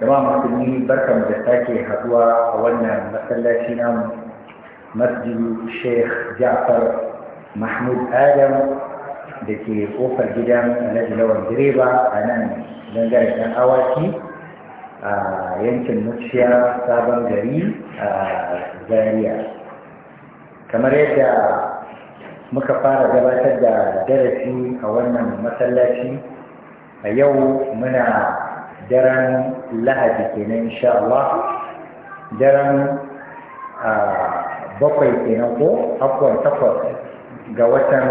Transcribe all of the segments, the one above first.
ma musulmi barkan da sake haduwa a wannan masallaci namu Masjid sheikh ja'far mahmud adam da ke kofar gidan alhaji lawan direba a nan dangare ɗan awaki a yankin muciya sabon gari a zaria kamar yadda muka fara gabatar da darasi a wannan masallaci a yau muna daren lahadi kenan insha Allah daren bakwai kenan ko akwai takwas ga watan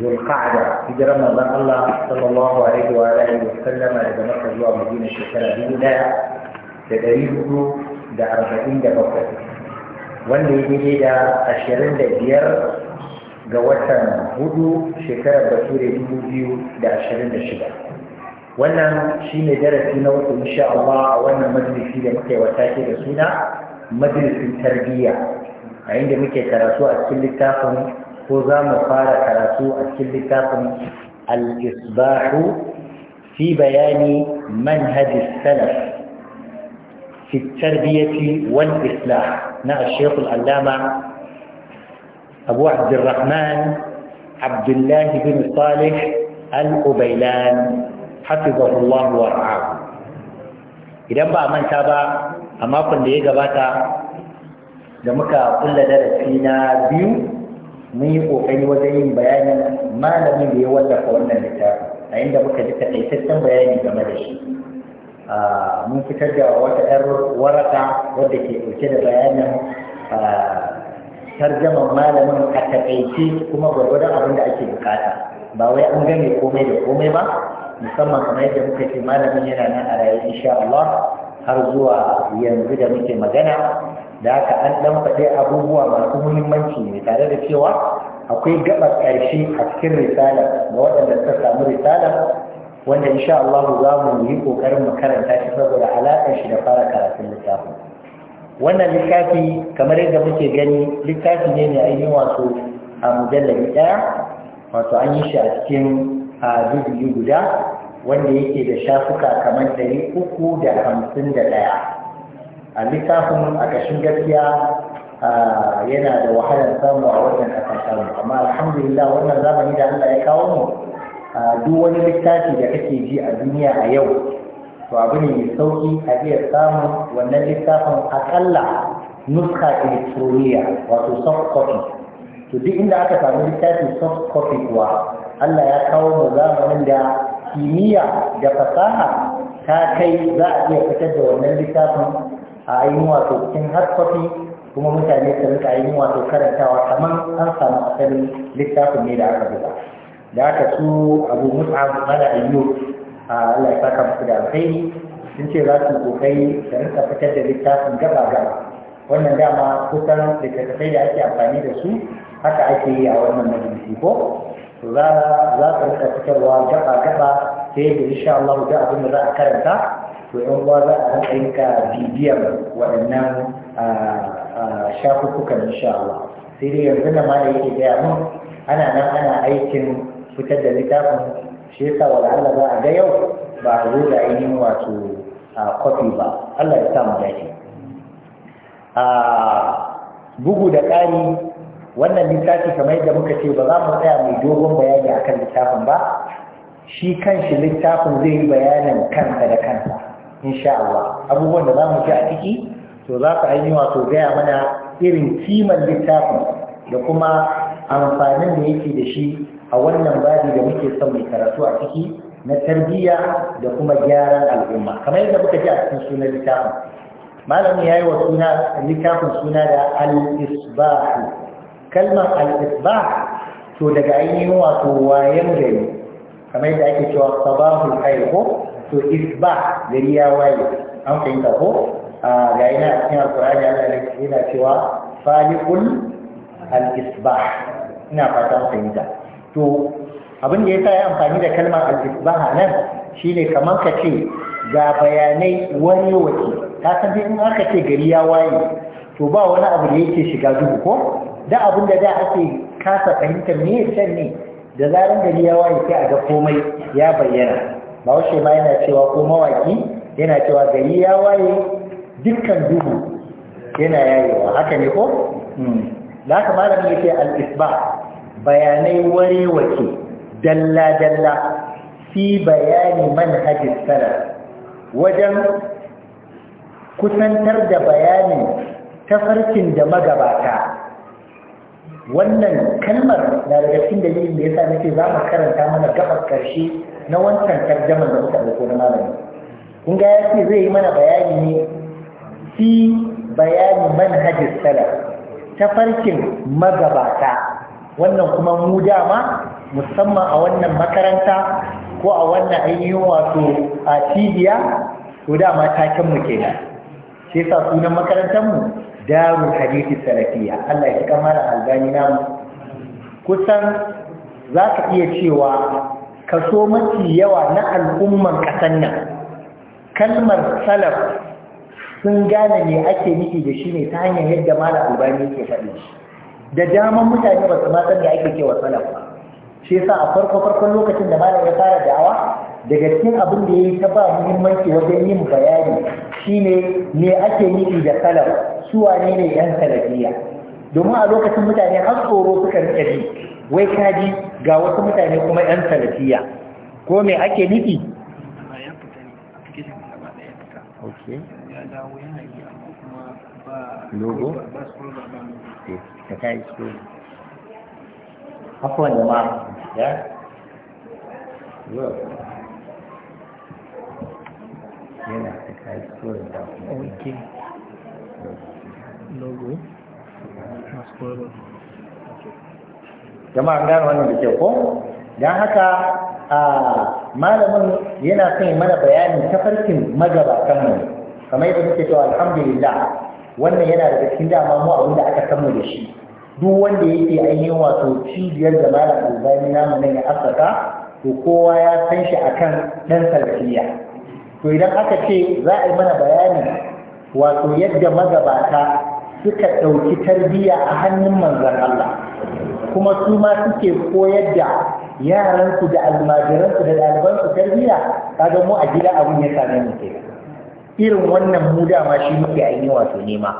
zulqa'da hijirar manzon Allah sallallahu alaihi wa alihi wa sallama daga Makka zuwa Madina shekara dubu daya da ɗari hudu da arba'in da bakwai wanda ya daidai da ashirin da biyar ga watan hudu shekarar bature dubu biyu da ashirin da shida wannan shine darasi na uku insha Allah a wannan majalisi da muke wata ke da suna majalisin tarbiyya a inda muke karatu a cikin littafin ko za mu fara karatu a cikin littafin al-isbahu fi bayani manhaj salaf wal التربية na مع الشيخ العلامة أبو عبد الرحمن عبد الله بن صالح الأبيلان hafizahullah wa ra'ahu idan ba a manta ba a makon da ya gabata da muka kulla darasi na biyu mun yi kokari wajen yin bayanin malamin da ya wallafa wannan littafin a inda muka ji takaitaccen bayani game da shi mun fitar da wata 'yar waraka wadda ke ɗauke da bayanin tarjaman malamin a taƙaice kuma gwargwadon abin da ake bukata ba wai an gane komai da komai ba musamman kamar yadda muka ce malamin yana nan a raye insha Allah har zuwa yanzu da muke magana da haka an dan faɗi abubuwa masu muhimmanci ne tare da cewa akwai gabar ƙarshe a cikin risala ga waɗanda suka samu risala wanda insha Allah za mu yi kokarin mu karanta shi saboda alaƙar shi da fara karatun littafi wannan littafi kamar yadda muke gani littafi ne mai ainihin wato a mujallabi ɗaya wato an yi shi a cikin a biyu guda wanda yake da shafuka kamar ɗari uku da hamsin da ɗaya a littafin a ƙashin gaskiya yana da wahalar samu a wannan ƙasashen amma alhamdulillah wannan zamani da Allah ya kawo mu duk wani littafi da kake ji a duniya a yau to abu ne mai sauƙi a iya samun wannan littafin akalla nuska electroniya wato soft copy to duk inda aka samu littafin soft copy kuwa Allah ya kawo mu zamanin da kimiyya da fasaha ta kai za a iya fitar da wannan littafin a ainihin wato cikin hard kuma mutane su rika ainihin wato karantawa kamar an samu asalin littafin ne da aka buga da aka su abu mus'ab mala ayyu Allah ya saka musu da alkhairi sun ce za su kokai da rika fitar da littafin gaba gaba wannan dama kusan littattafai da ake amfani da su haka ake yi a wannan majalisi ko za ka rika fitarwa gaba gaba sai da insha Allah ga abin da za a karanta to yan uwa za a rika bibiyar waɗannan shafukukan insha Allah sai dai yanzu na ma da yake gaya mun ana nan ana aikin fitar da littafin shi yasa wa Allah za a ga yau ba a zo da ainihin wato kwafi ba Allah ya sa mu dace bugu da ƙari wannan littafi kamar yadda muka ce ba za mu tsaya mai dogon bayani akan littafin ba shi kanshi littafin zai yi bayanin kansa da kansa In Allah abubuwan da za mu ji a ciki to za ku ainihi wato gaya mana irin kiman littafin da kuma amfanin da yake da shi a wannan babi da muke son mai karatu a ciki na tarbiyya da kuma gyaran al'umma kamar yadda muka ji a cikin sunan littafin malamin ya yi wa suna littafin suna da al-isbahu kalmar al-isba to daga ainihin wato wayan gari kamar yadda ake cewa sabahul khair ko to isba gari ya waye an ta ko ga yana a cikin alkur'ani ana yana cewa faliqul al-isbah ina yi ta to abin da yasa ya amfani da kalmar al-isbah nan shine kamar ka ce ga bayanai wani wace ta san in aka ce gari ya waye to ba wani abu da yake shiga duhu ko da abin da da ake kasa fahimtar me can ne da zaran gari ya waye sai a ga komai ya bayyana ba washe ma yana cewa ko mawaki yana cewa gari ya waye dukkan duhu yana yayewa haka ne ko hmm. da haka malamin yake al-isba bayanai warewace dalla dalla fi bayani manhajis salaf wajen kusantar da bayanin tafarkin da magabata wannan kalmar na da cikin dalilin da yasa nake za mu karanta mana gabar karshe na wancan tarjaman da muka dauko na malami kun ga yace zai yi mana bayani ne fi bayani manhajis salaf ta farkin magabata wannan kuma mu dama musamman a wannan makaranta ko a wannan ainihin wato a cibiya to dama taken mu kenan shi yasa sunan makarantar mu darun hadisi salafiya Allah ya kama da albani namu kusan za ka iya cewa kaso mafi yawa na al'umman ƙasan nan kalmar salaf sun gane me ake nufi da shi ne ta hanyar yadda mala albani ke faɗi da daman mutane ba su ma san da ake cewa salaf ba shi yasa a farko farkon lokacin da malam ya fara da'awa daga cikin abin da ya yi ta ba muhimmanci wajen yin bayani shine me ake nufi da kala su wane ne yan salafiya domin a lokacin mutane har tsoro suka rike bi wai kaji ga wasu mutane kuma yan salafiya ko me ake nufi logo Okay. afwan jama'a ya yana ta kai tsoron da ok logo masu jama'a gano wannan da ke ko don haka a malamin yana son yi mana bayanin tafarkin magabatan mu kamar yadda suke cewa alhamdulillah wannan yana daga cikin dama mu a wanda aka san da shi duk wanda yake ainihin wato cibiyar da malam albani namu nan ya asaka to kowa ya san shi akan dan salafiya to idan aka ce za a yi mana bayani wato yadda magabata suka ɗauki tarbiyya a hannun manzon Allah kuma su ma suke koyar da yaransu da almajiransu da ɗalibansu tarbiyya kaga mu a gida abun ya same mu ke irin wannan mu dama shi muke ainihin wato nema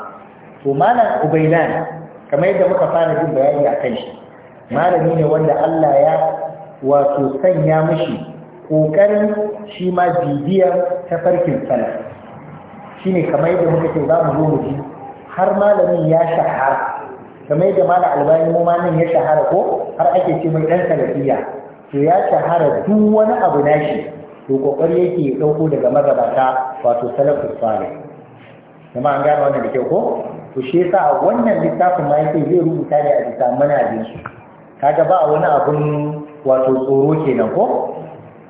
to malam Ubaylan kamar yadda muka fara jin bayani a kan shi malami ne wanda Allah ya wato sanya mishi ƙoƙarin shi ma ta farkin salaf shi ne kamar yadda muka ce za mu zo mu ji har malamin ya shahara kamar yadda malam albani mu ma nan ya shahara ko har ake ce mai ɗan salafiya to ya shahara duk wani abu nashi to kokari yake ya ɗauko daga magabata wato salafus salih kuma an gane wannan da kyau ko to shi yasa a wannan littafin ma yake zai rubuta ne a bisa manhajin su kaga ba wani abun wato tsoro kenan ko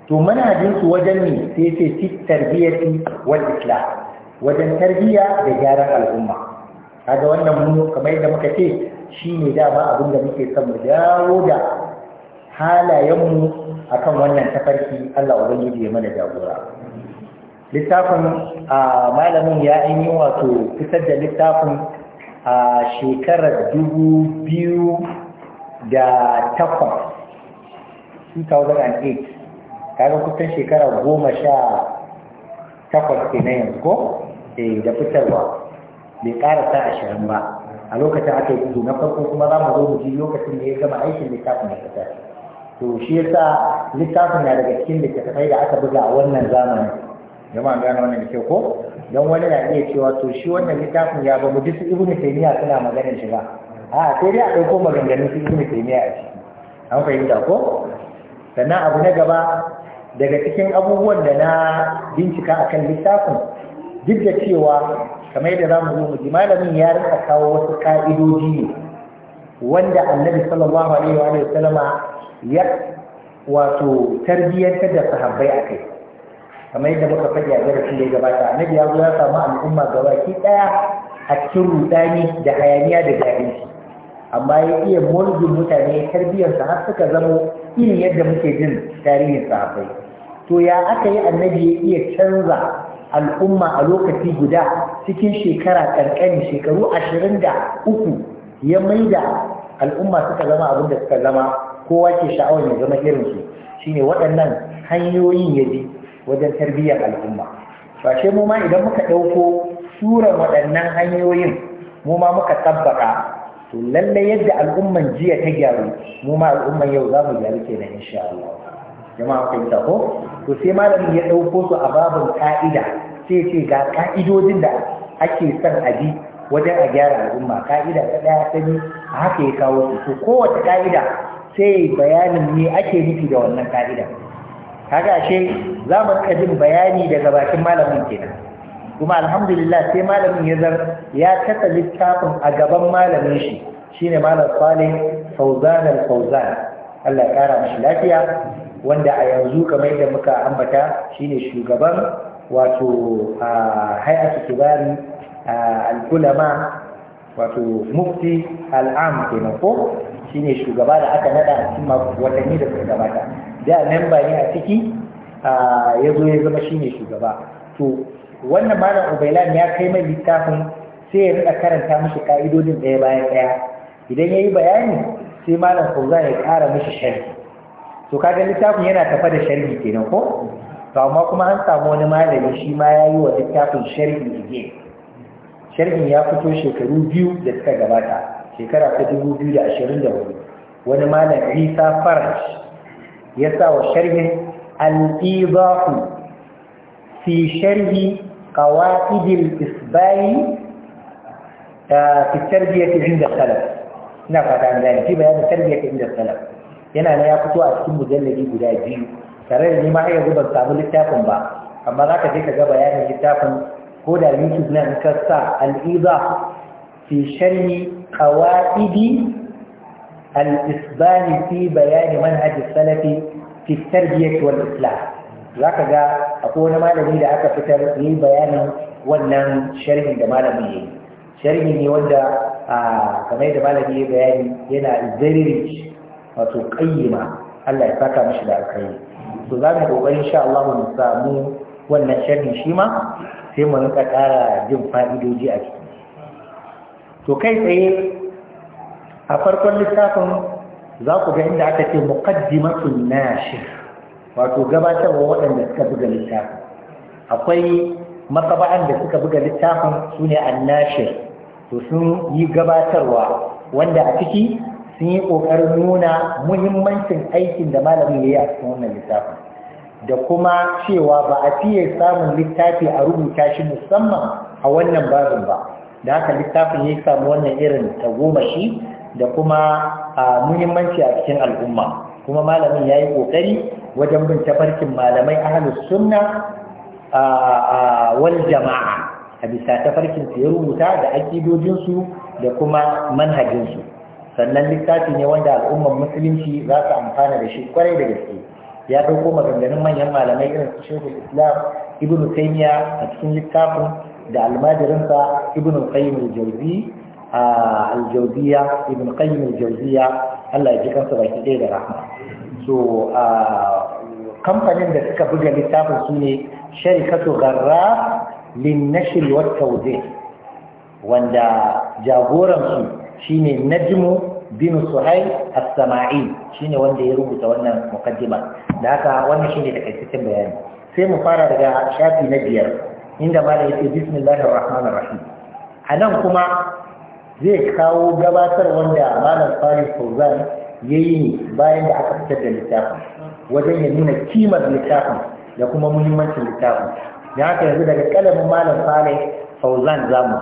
to manhajin su wajen ne sai ce ci tarbiyyati wal islah wajen tarbiyya da gyaran al'umma kaga wannan mu kamar yadda muka ce shi shine dama abin da muke son mu dawo da halayenmu akan wannan tafarki Allah ubangiji ya mana jagora littafin malamin ya yi wato fitar da littafin a shekarar dubu biyu da takwas 2008 kaga kusan shekara goma sha takwas yanzu ko eh, da fitarwa bai ƙara ashirin ba a lokacin aka yi na farko kuma za mu zo mu ji lokacin da ya gama aikin littafin da kasar to shi yasa littafin na daga cikin littattafai da aka buga a wannan zamanin jama'a gane wannan da kyau ko don wani na iya cewa to shi wannan littafin ya ba mu duk ibnu taymiya suna maganar shi ba a sai dai a ɗauko maganganun su taymiya a ciki an fahimta ko sannan abu na gaba daga cikin abubuwan da na bincika akan littafin duk da cewa kamar yadda za mu zo mu ji malamin ya rika kawo wasu ka'idoji ne wanda annabi sallallahu alaihi wa sallama ya wato tarbiyyantar da sahabbai akai kamar yadda muka faɗi a darasin da ya gabata annabi ya ya samu al'umma gabaki ɗaya a cikin rudani da hayaniya da jahilci amma ya iya mulgin mutane tarbiyyarsa har suka zamo irin yadda muke jin tarihin sahabbai to ya aka yi annabi ya iya canza al'umma a lokaci guda cikin shekara ƙanƙani shekaru ashirin da uku ya maida al'umma suka zama abin da suka zama kowa ke sha'awar ya zama irinsu shine waɗannan hanyoyin ya bi wajen tarbiyyar al'umma ba mu ma idan muka ɗauko sura waɗannan hanyoyin mu ma muka tabbaka to lallai yadda al'umman jiya ta gyaru mu ma al'umman yau za mu gyaru kenan insha Allah jama'a kai ta ko to sai malamin ya ɗauko su a babin ka'ida sai ce ga ka'idodin da ake son a bi wajen a gyara al'umma ka'ida ta ɗaya ta ni a haka ya kawo su to kowace ka'ida sai bayanin ne ake nufi da wannan ka'ida kaga ashe za mu rika jin bayani daga bakin malamin kenan kuma alhamdulillah sai malamin ya zar ya kasa littafin a gaban malamin shi shine malam Salih Fauzan al-Fauzan Allah ya kara mishi lafiya wanda a yanzu kamar yadda muka ambata shine shugaban wato a hay'atu kibari al-ulama wato mufti al-am kenan ko shine shugaba da aka nada a cikin watanni da suka gabata da memba ne a ciki ya zo ya zama shine shugaba to wannan malam ubailan ya kai mai littafin sai ya rika karanta mishi ka'idodin ɗaya bayan ɗaya idan ya yi bayani sai malam fauza ya ƙara mishi sharhi to kaga littafin yana tafa da sharhi kenan ko to amma kuma an samu wani malami shi ma ya yi wa littafin sharhi ne sharhin ya fito shekaru biyu da suka gabata shekara ta dubu biyu da ashirin da wani wani malam isa farash يسعى الشرح الإيضاح في شرح قواعد الإسباعي آه، في التربية عند السلف نفع عن ذلك في بيان التربية عند السلف هنا أنا يقطع أسكم مدلجي بلاجي ترى لي ما هي قبل تعمل كتابهم بقى أما ذاك ذيك جاب يعني كتابهم هو ده يوسف نعم كسر الإيضاح في شرح قواعد al-isbani fi bayani manhaj salafi fi tarbiyyah wal islam zaka ga akwai wani malami da aka fitar yi bayanin wannan sharhin da malamin yayi sharhi ne wanda kamar da malami ya bayani yana very wato qayyima Allah ya saka mashi da alkhairi to za mu kokari insha Allah mu samu wannan sharhi shi ma sai mu rinka ƙara jin fa'idoji a ciki to kai tsaye a farkon littafin za ku ga inda aka ce muqaddimatun nashir wato gabatarwa waɗanda suka buga littafin akwai matsaba'an da suka buga littafin su ne annashir to sun yi gabatarwa wanda a ciki sun yi ƙoƙarin nuna muhimmancin aikin da malamin ya yi a cikin wannan littafin da kuma cewa ba a fiye samun littafi a rubuta shi musamman a wannan babin ba da haka littafin ya samu wannan irin tagomashi da kuma muhimmanci a cikin al'umma kuma malamin ya yi ƙoƙari wajen bin tafarkin malamai ahalus sunna wal jama'a a bisa tafarkin su ya rubuta da akidojinsu da kuma manhajinsu sannan littafi ne wanda al'ummar musulunci za su amfana da shi kwarai da gaske ya ɗauko maganganun manyan malamai irin su shehu islam ibnu taymiya a cikin littafin da almajirinsa ibnu qayyim al-jawzi aljauziya ibn qayyim aljauziya Allah ya ji kansa baki ɗaya da rahama so kamfanin da suka buga littafin su ne sharikatu garra lin nashr wata tawzih wanda jagoransu shine najmu bin suhail as-sama'i shine wanda ya rubuta wannan mukaddima da haka wannan shine takaitaccen bayani sai mu fara daga shafi na biyar inda malai "Bismillahi bismillahir rahmanir rahim anan kuma zai kawo gabatar wanda malam Salih Fauzan ya yi ne bayan da aka fitar da littafin wajen ya nuna kimar littafin da kuma muhimmancin littafin da haka yanzu daga kalamin malam Salih Fauzan zamu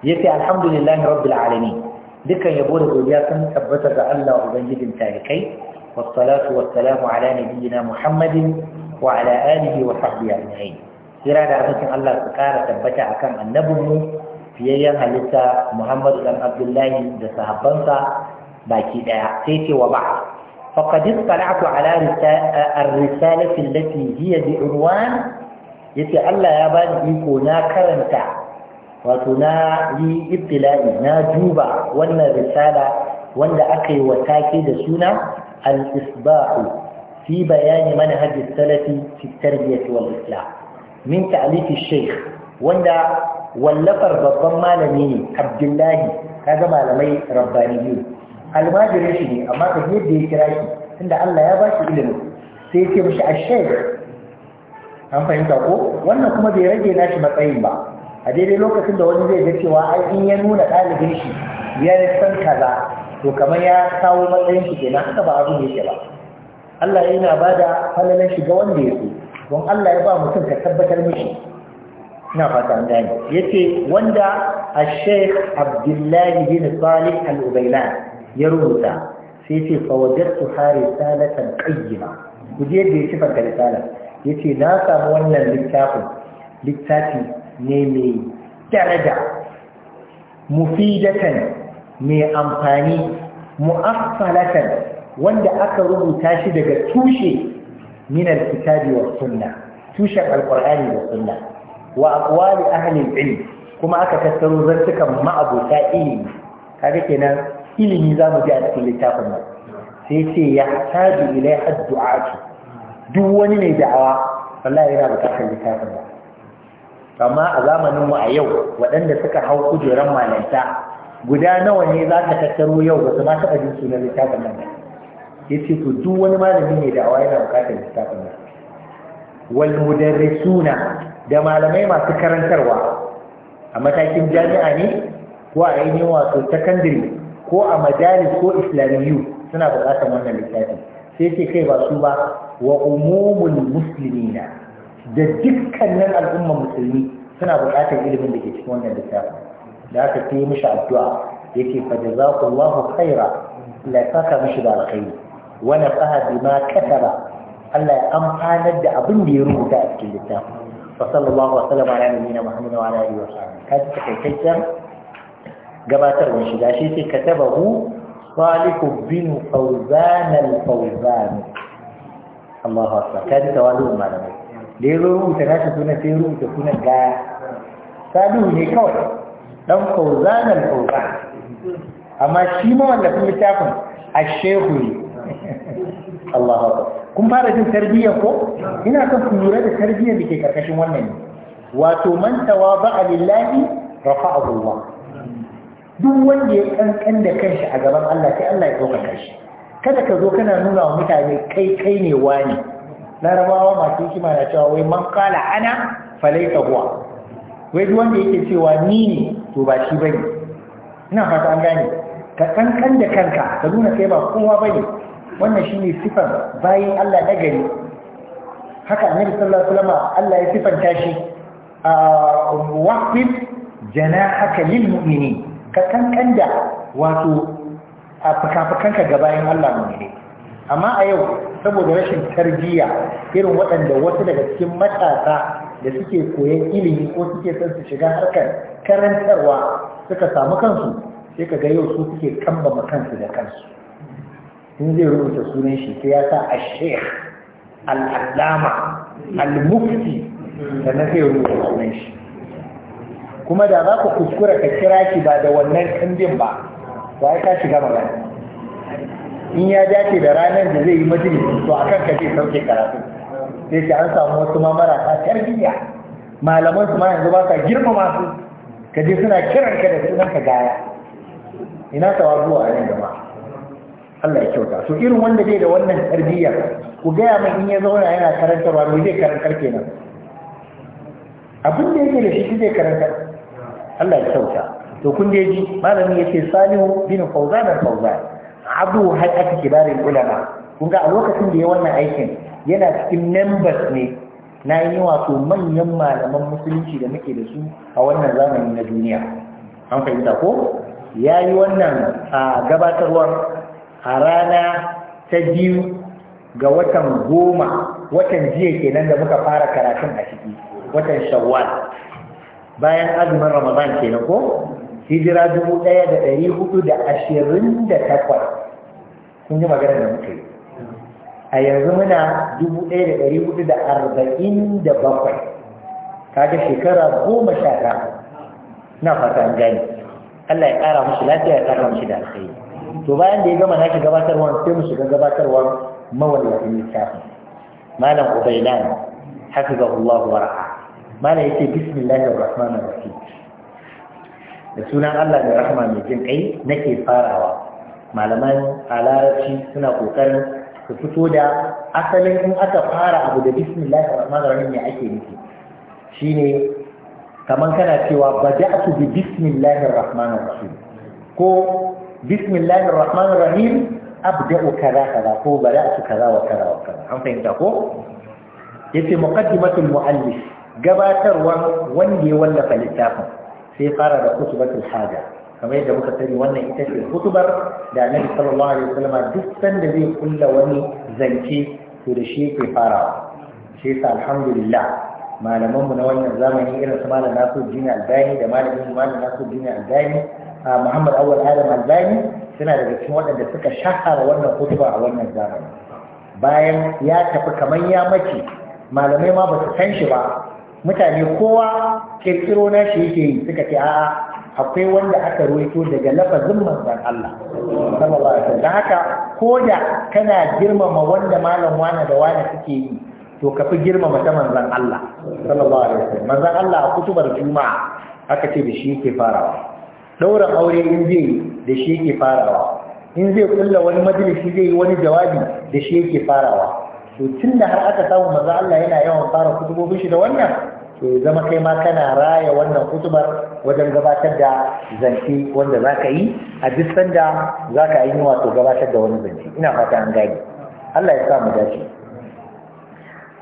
ya ce alhamdulillah rabbil alamin dukan yabo da godiya sun tabbata ga Allah ubangijin tarikai wassalatu wassalamu ala nabiyyina Muhammadin wa ala alihi wa sahbihi ajma'in kira da cikin Allah su kara tabbata akan annabinmu fiyayyen halitta muhammadu dan abdullahi da sahabbansa baki daya sai ce wa ba'a faqad istala'tu ala ar Lati hiya bi unwan yace Allah ya ba ni iko na karanta wato na yi ibtila'i na duba wannan risala wanda aka yi wa take da suna al-isbahu fi bayani manhaj salafi fi tarbiyyati wal islam min ta'lif shaykh wanda wallafar babban malami ne abdullahi kaga malamai rabbani biyu almajirin shi ne amma ka yadda ya kira shi tunda Allah ya ba shi ilimi sai ya ce mishi ashaykh an fahimta ko wannan kuma bai rage nashi matsayin ba a daidai lokacin da wani zai ga cewa ai in ya nuna ɗalibin shi ya san kaza to kamar ya kawo matsayin shi kenan haka ba abu ne yake ba Allah yana bada da shi ga wanda ya so don Allah ya ba mutum ka tabbatar mishi ina fata an yace wanda al-sheikh abdullahi bin salih al-ubaylan ya rubuta sai yace fa wajadtu harisalatan qayyima kuje da yace fa risala yace na samu wannan littafin littafi ne mai daraja mufidatan mai amfani mu'affalatan wanda aka rubuta shi daga tushe min al-kitabi was tushen al-qur'ani da sunna wa aqwali ahli ilm kuma aka tattaro zartukan ma'abota ilimi kaga kenan ilimi za mu ji a cikin littafin nan sai ce ya taji ilai addu'a duk wani mai da'awa wallahi yana bukatar littafin nan amma a zamanin mu a yau waɗanda suka hau kujeran malanta guda nawa ne za ka tattaro yau ba su ma taɓa jin sunan littafin nan ba ya ce to duk wani malami ne da'awa yana bukatar littafin nan wal da malamai masu karantarwa a matakin jami'a ne ko a ainihin wato secondary ko a majalis ko islamiyu suna buƙatar wannan littafi sai ce kai ba su ba wa umumul muslimina da dukkanin al'ummar musulmi suna buƙatar ilimin da ke cikin wannan littafi da aka ce mishi addu'a yake fa jazakallahu khaira la saka mishi da alkhairi wa nafaha bima kataba Allah ya amfanar da abin da ya rubuta a cikin littafin wa sallallahu wa sallama ala nabiyina muhammadin wa ala alihi wa sahbihi ka ci takaitaccen gabatarwar shi gashi sai katabahu Da ya rubuta الفوزان الله أكبر كان توالو معلمة ليرو تناشي سنة سيرو تسنة جا سالو نيكوي لم فوزان الفوزان أما شيما ولا في متاكم الشيخ الله أكبر kun fara jin tarbiyya ko ina kan ku lura da tarbiyyar da ke karkashin wannan ne wato man tawaba lillahi rafa'ahu Allah duk wanda ya kankan da kanshi a gaban Allah sai Allah ya ɗaukaka kanshi. kada ka zo kana nuna wa mutane kai kai ne wani larabawa masu hikima na cewa wai man kala ana falaita huwa wai duk wanda yake cewa ni ne to ba shi bane ina fata an gane ka kankan da kanka ka nuna kai ba kowa bane wannan shi ne sifar bayan Allah gari haka annabi sallallahu alaihi wasallam Allah ya sifanta shi a ah, waqif janahaka lil mu'ini ka kankanda wato a fuka ga bayan Allah mu'mini amma a yau saboda rashin tarjiya irin waɗanda wasu daga cikin matasa da suke koyan ilimi ko suke son su shiga harkar karantarwa suka samu kansu sai ka ga yau su suke kambama kansu da kansu Sun zai rubuta sunan shi sai ya sa a sheikh aladama al-mufti na zai rubuta sunan shi kuma da za ku kuskura ka kira shi ba da wannan kambin ba ba ya tashi shiga magana in ya dace da ranar da zai yi majalisi to akan kan zai sauke karatu sai ce an samu wasu ma marasa tarbiyya malaman su ma yanzu ba sa girma masu. ka suna kiranka da sunan gaya ina tawazuwa a yin gaba Allah ya kyauta so irin wanda zai da wannan tarbiyya ku gaya mai in ya zauna yana karanta ba mai zai karantar kenan abin da yake da shi zai karanta Allah ya kyauta to kun da ji malami yace Salihu bin Fawzan al-Fawzan Abu Hayat kibarin ulama kun ga a lokacin da ya wannan aikin yana cikin members ne na yi wato manyan malaman musulunci da muke da su a wannan zamani na duniya an fahimta ko ya yi wannan gabatarwar a rana ta biyu ga watan goma watan jiya kenan da muka fara karatun a ciki watan shawwal bayan azumin ramadan kenan ko hijira dubu ɗaya da ɗari hudu da ashirin da takwas kun ji magana da muke a yanzu muna dubu ɗaya da ɗari hudu da arba'in da bakwai kaga shekara goma sha tara na fata gani Allah ya ƙara mashi lafiya ya ƙara mashi da alkhairi to bayan da ya gama naki gabatarwa sai mu shiga gabatarwa mawallafin littafin malam haka ga hafizahullahu wa ra'a malam yace bismillahir rahmanir rahim da sunan Allah mai rahama mai jin kai nake farawa malaman alarabci suna kokarin su fito da asalin in aka fara abu da bismillahir rahmanir rahim ne ake nufi shine kaman kana cewa bada'tu bi bismillahir rahmanir rahim ko Bismillahi rahmanir rahim abda'u kaza kaza ko bada'tu kaza wa kaza wa an fahimta ko yace muqaddimatul muallif gabatarwa wanda ya wallafa littafin sai fara da kutubatul haja kamar yadda muka sani wannan ita ce kutubar da annabi sallallahu alaihi wasallam duk sanda zai kulla wani zance to da shi yake farawa shi yasa alhamdulillah malaman mu na wannan zamani irin su malam Nasiruddin Albani da malamin Muhammad Awal Adam Albani suna daga cikin waɗanda suka shahara wannan kutuba a wannan zamani bayan ya tafi kamar ya mace malamai ma ba su san shi ba mutane kowa kirkiro na shi yake yi suka ce a'a akwai wanda aka ruwaito daga lafazin manzon Allah sallallahu haka ko da kana girmama wanda malam wani da wani suke yi to ka fi girmama ta manzon Allah sallallahu alaihi wasallam manzon Allah a kutubar juma'a aka ce da shi yake farawa ɗaurin aure in zai da shi yake farawa in zai kulla wani majalisi zai yi wani jawabi da shi yake farawa to tunda har aka samu manzo Allah yana yawan fara kutubobin shi da wannan to zama kai ma kana raya wannan kutubar wajen gabatar da zance wanda zaka yi a duk sanda zaka ka yi wato gabatar da wani zance ina fata an gane Allah ya sa mu dace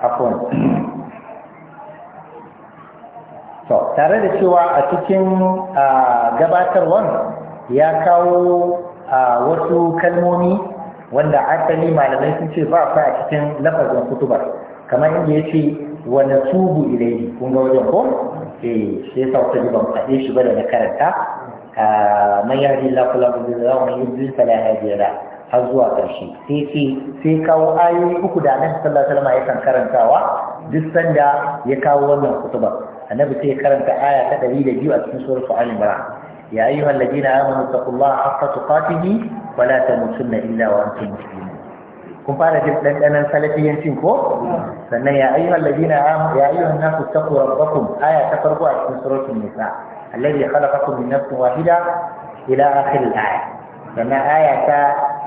afon to tare da cewa a cikin gabatarwan ya kawo wasu kalmomi wanda asali malamai sun ce ba fa a cikin lafazin kutubar kamar inda ya ce wani tubu ilai kun ga wajen ko eh sai sauta ban faɗe shi ba da na karanta man yahdi Allahu lahu bi man yudlil fala hadiya har zuwa ƙarshe sai ce sai kawo ayoyi uku da annabi sallallahu alaihi wasallam yakan karantawa duk sanda ya kawo wannan kutuba annabi sai karanta aya ta 102 a cikin suratul al-imran ya ayyuhal ladina amanu taqullaha haqqa tuqatih wa la tamutunna illa wa antum muslimun kun fara jin dandanan salafiyancin ko sannan ya ayyuhal ladina amanu ya ayyuhan nasu taqu rabbakum aya ta farko a cikin suratul nisa alladhi khalaqakum min nafsin wahida ila akhir al-aya sannan aya ta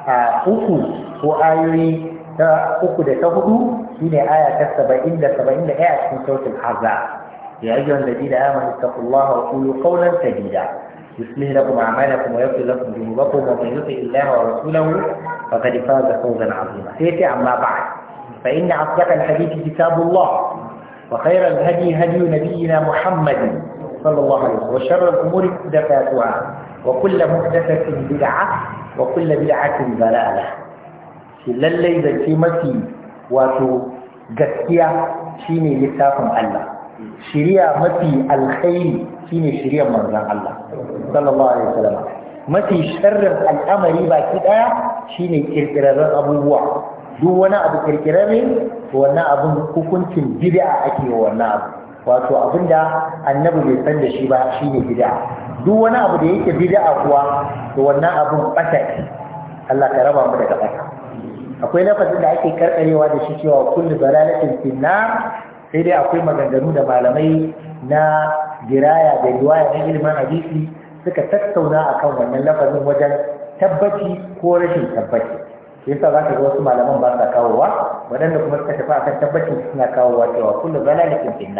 a uku ko ayoyi ta uku da ta hudu shine aya ta saba'in da saba'in da ɗaya cikin sautin haza ya yi wanda dina ya mani takullaha wa kulu kaunan sadida يصلح لكم أعمالكم ويغفر لكم ذنوبكم ومن يطع الله ورسوله فقد فاز فوزا عظيما. سيتي أما بعد فإن أصدق الحديث كتاب الله وخير الهدي هدي نبينا محمد صلى الله عليه وسلم وشر الأمور محدثاتها وكل محدثة بدعة وكل بدعة ضلالة shi lallai zance mafi wato gaskiya shine littafin Allah shiriya mafi alkhairi shine shiriyar manzon Allah sallallahu alaihi wasallam mafi sharrin al'amari baki daya shine kirkirarren abubuwa duk wani abu kirkirarre wannan abun hukuncin bid'a ake wa wannan abu wato abinda annabi bai san da shi ba shine bid'a duk wani abu da yake bid'a kuwa to wannan abun bata Allah ka raba mu daga ɓata. akwai lafazin da ake karkarewa da shi cewa kullu zalalatin finnar sai dai akwai maganganu da malamai na giraya da riwaya na ilimin hadisi suka tattauna akan wannan lafazin wajen tabbaci ko rashin tabbaci shi yasa zaka ga wasu malaman ba sa kawowa waɗanda kuma suka tafi akan tabbacin suna kawowa cewa kullu zalalatin fil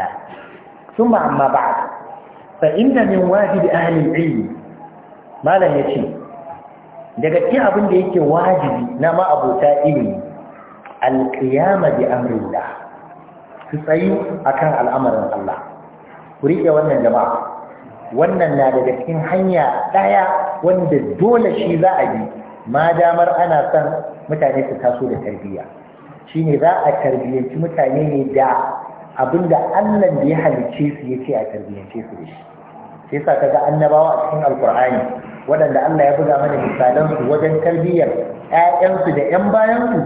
thumma amma ba'd fa inna min wajibi ahli al malam yace daga cikin abin da yake wajibi na ma abota ilimi al-qiyama bi amrillah su tsayu akan al'amarin Allah ku rike wannan jama'a wannan na daga cikin hanya daya wanda dole shi za a bi ma damar ana son mutane su taso da tarbiyya ne za a tarbiyyanci mutane ne da abinda Allah da ya halice su yace a tarbiyyance su da shi sai yasa kaga annabawa a cikin alkur'ani waɗanda Allah ya buga mana misalan su wajen tarbiyyar ƴaƴansu da ƴan bayansu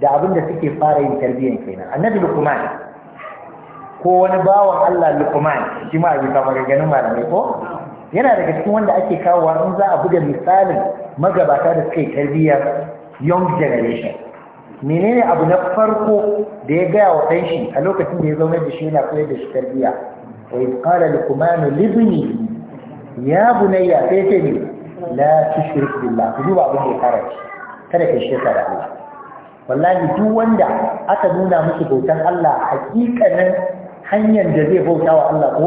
da abinda suke fara yin tarbiyya'n kenan annabi lukman ko wani bawan Allah lukman shi ma a bisa maganganun malamai ko yana daga cikin wanda ake kawowa in za a buga misalin magabata da suka yi tarbiyyar young generation menene abu na farko da ya gaya wa ɗan shi a lokacin da ya zaune da shi yana koyar da shi tarbiyya wa iz qala luqman li ya bunayya sai ce ne la tushrik billah ku duba abin da ya fara shi kada ka shirka da Allah wallahi duk wanda aka nuna miki bautan Allah hakikanin hanyar da zai bauta wa Allah ko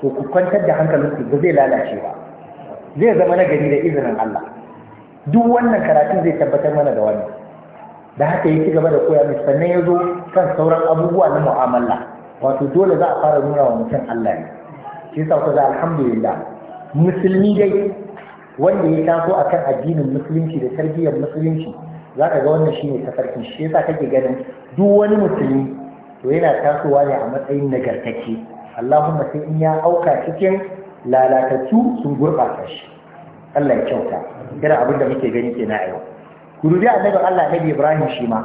to ku kwantar da hankalinku ba zai lalace ba zai zama na gari da izinin Allah duk wannan karatun zai tabbatar mana da wannan da haka ya ci gaba da koya mai sannan ya zo kan sauran abubuwa na mu'amala wato dole za a fara nuna wa mutum Allah ne shi yasa ku ga alhamdulillah musulmi dai wanda ya taso akan addinin musulunci da tarbiyyar musulunci za ga wannan shine tafarkin shi yasa kake ganin duk wani musulmi to yana tasowa ne a matsayin nagartacce Allahumma sai in ya auka cikin lalatatu sun gurɓata shi Allah ya kyauta irin abin da muke gani kenan a yau ku dubi annabin Allah annabi Ibrahim shi ma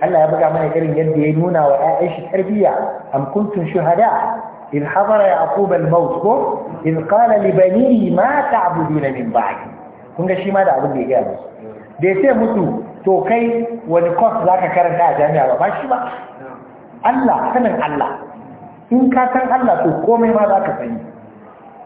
Allah ya buga mana irin yadda ya nuna wa ƴaƴan shi tarbiyya am kuntum shuhada in hadara yaqub al maut ko in qala li banihi ma ta'buduna min ba'di kun ga shi ma da abin da ya gaya musu da ya ce to kai wani course zaka karanta a jami'a ba shi ba Allah sanin Allah in ka san Allah to komai ma zaka sani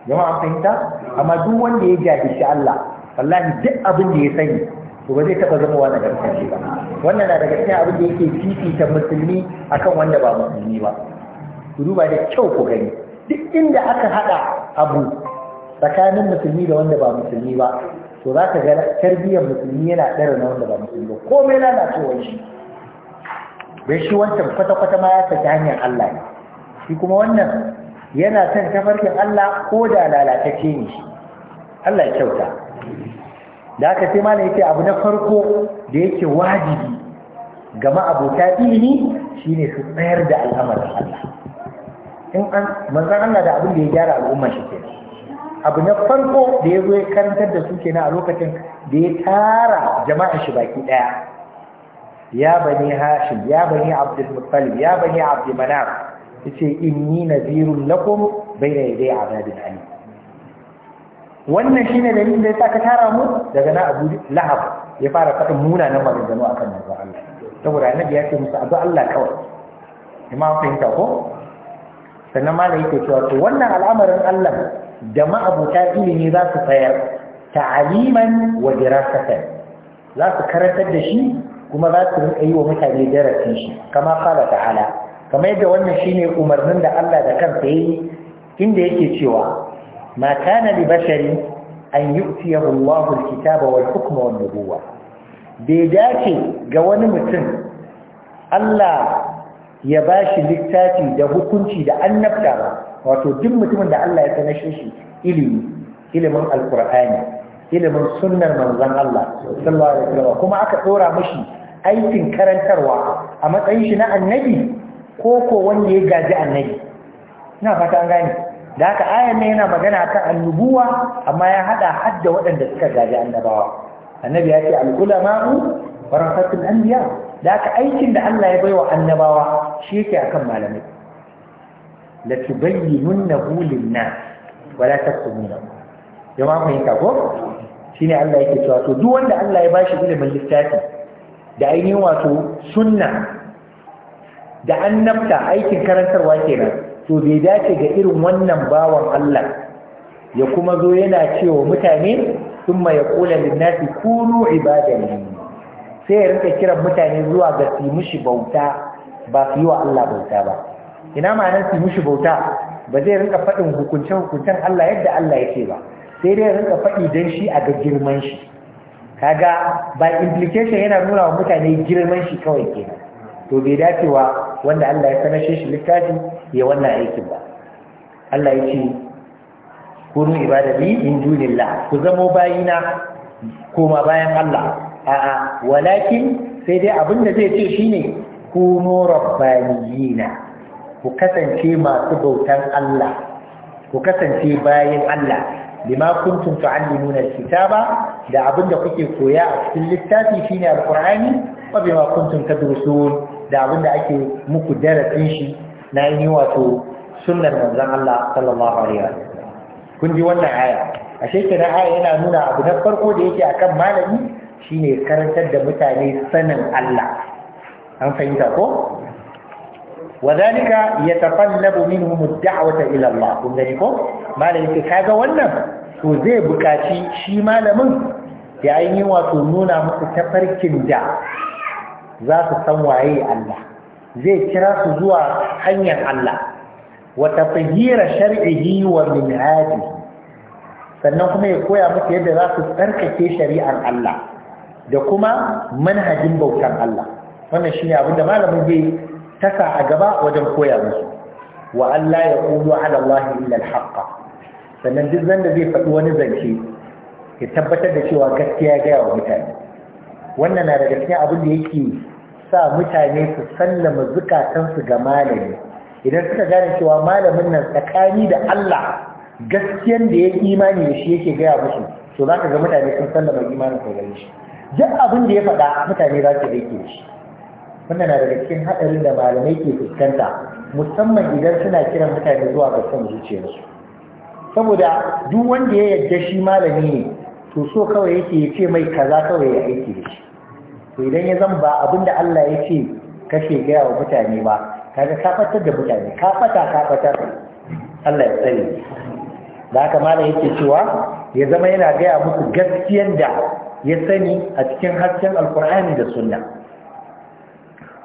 jama'a fahimta amma duk wanda ya shi Allah wallahi duk abin da ya sani to ba zai taba zama wani shi ba wannan na daga cikin abin da yake fifita musulmi akan wanda ba musulmi ba ku duba da kyau ku gani duk inda aka hada abu tsakanin musulmi da wanda ba musulmi ba to za ka ga tarbiyyar musulmi yana ɗara na wanda ba musulmi ba komai lalacewar shi bai shi wancan kwata-kwata ma ya saki hanyar Allah ne shi kuma wannan yana son tafarkin Allah ko da lalatacce ne shi Allah ya kyauta da aka sai malam yake abu na farko da yake wajibi ga ma'abota ilimi shine su tsayar da al'amarin Allah in an manzan Allah da abin da ya gyara al'umma shi ke abu na farko da ya zo ya karantar da su kenan a lokacin da ya tara jama'a shi baki daya ya bani hashim ya bani abdul muttalib ya bani abdul manaf yace inni nadhirun lakum bayna yaday azabin alim wannan shine dalilin da yasa ka tara mu daga na Abu Lahab ya fara faɗin munanan maganganu akan manzo Allah saboda annabi ya ce musu abu Allah kawai imam ta ko sannan ma yake cewa to wannan al'amarin Allah da ma'abuta ilimi za su tsayar ta'aliman wa dirasatan za su karantar da shi kuma za su rinka yi wa mutane darasin shi kama fara ta'ala kamar yadda wannan shine umarnin da Allah da kansa yayi inda yake cewa ma kana li bashari an yu'tiyahu Allahu al-kitaba wal hukma wan nubuwa bai dace ga wani mutum Allah ya bashi littafi da hukunci da annabta ba wato duk mutumin da Allah ya sanashe shi ilimi ilimin alqur'ani ilimin sunnar manzon Allah sallallahu alaihi wasallam kuma aka dora mishi aikin karantarwa a matsayin shi na annabi ko ko wanda ya gaji annabi ina fata an gane da haka ayan ne yana magana kan annubuwa amma ya hada hadda waɗanda suka gaji annabawa annabi ya ce al-ulama'u warasatul anbiya da haka aikin da Allah ya baiwa annabawa shi yake akan malamai la tubayyinunnahu lin-nas wa la taktumunahu jama'a kun ka ko shine Allah yake cewa to duk wanda Allah ya bashi ilimin littafi da ainihin wato sunna da annabta aikin karantarwa kenan to bai dace ga irin wannan bawan Allah ya kuma zo yana cewa mutane ya kula da nasi kunu ibadani sai ya rika kiran mutane zuwa ga su mushi bauta ba su yi wa Allah bauta ba ina ma'anar su mushi bauta ba zai rika faɗin hukuncen hukuncen Allah yadda Allah yake ba sai dai ya rika faɗi dan shi a ga girman shi kaga by implication yana nuna wa mutane girman shi kawai kenan to bai dacewa wanda Allah ya sanashe shi littafi ya wannan aikin ba Allah ya ce kunu ibadati min dunillah ku zamo bayina koma bayan Allah a'a walakin sai dai abin da zai ce shine kunu rabbaniyina ku kasance masu bautan Allah ku kasance bayan Allah bima kuntum tu'allimuna alkitaba da abinda kuke koya a cikin littafi shine alqur'ani wa bima kuntum tadrusun da abin da ake muku darasin shi na yi wato sunnar manzon Allah sallallahu alaihi wasallam kun ji wannan aya ashe kenan aya yana nuna abu na farko da yake akan malami shine karantar da mutane sanin Allah an fahimta ko wadalika yatafallabu minhum ad-da'wata ila Allah kun gani ko malami ke kaga wannan to zai bukaci shi malamin ya yi wato nuna muku tafarkin da za su san waye Allah zai kira su zuwa hanyar Allah Wata tafhira shar'ihi wa minhaji sannan kuma ya koya musu yadda za su tsarkake shari'ar Allah da kuma manhajin bautan Allah wannan shine abin da malamin zai tasa a gaba wajen koya musu wa Allah ya qulu ala Allah illa al-haqq sannan duk zanda zai faɗi wani zance ya tabbatar da cewa gaskiya ga yawa mutane wannan na daga cikin abin da yake sa mutane su sallama zukatansu ga malami idan suka gane cewa malamin nan tsakani da Allah gaskiyan da ya imani da shi yake gaya musu to za ka ga mutane sun sallama imanin su gare shi duk abin da ya faɗa mutane za su rike shi wannan na daga cikin haɗarin da malamai ke fuskanta musamman idan suna kiran mutane zuwa ga son zuciyarsu saboda duk wanda ya yarda shi malami ne to so kawai yake ya ce mai kaza kawai ya aiki da shi to idan ya zan ba abin da Allah ya ce kashe gaya wa mutane ba kaga ka fatar da mutane ka fata ka fatar Allah ya tsare da haka malam yake cewa ya zama yana gaya muku gaskiyar da ya sani a cikin hasken alkur'ani da sunna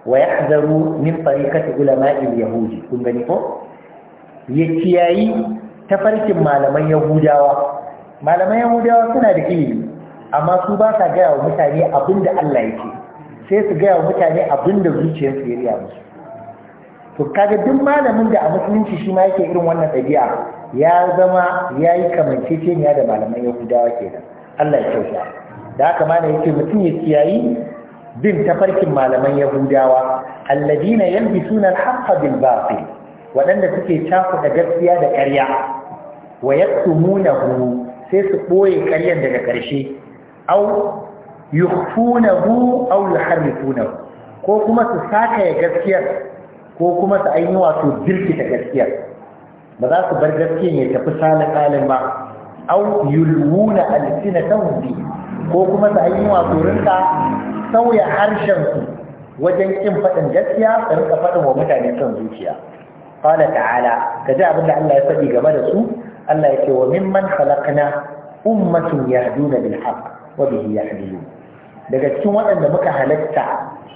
wa yahzaru min tariqati ulama'i yahudi kun gani ko ya kiyayi tafarkin malaman yahudawa malaman yahudawa suna da ilimi amma su ba sa gaya wa mutane abin da Allah ya sai su gaya wa mutane abin da zuciyarsu ya riya musu to kaga duk malamin da a musulunci shi ma yake irin wannan ɗabi'a ya zama ya yi kamanceceniya da malaman yahudawa kenan Allah ya kyauta da haka da yake mutum ya kiyayi bin tafarkin malaman yahudawa alladina yalbisuna sunan bil batil waɗanda suke cakuɗa gaskiya da ƙarya wa yaktumu sai su ɓoye ƙaryar daga ƙarshe au yukhfunahu aw yuharrifunahu ko kuma su saka ya gaskiyar ko kuma su ainihi wato jirkita gaskiyar ba za su bar gaskiyar ya tafi salin ba au yulwuna alsinatahum bi ko kuma su ainihi wato rinka sauya harshen su wajen kin faɗin gaskiya da rinka faɗin wa mutane son zuciya qala ta'ala ji abin da Allah ya faɗi game da su Allah ya ce wa mimman khalaqna ummatun yahduna bil haqq wa bihi yahdihun daga cikin waɗanda muka halatta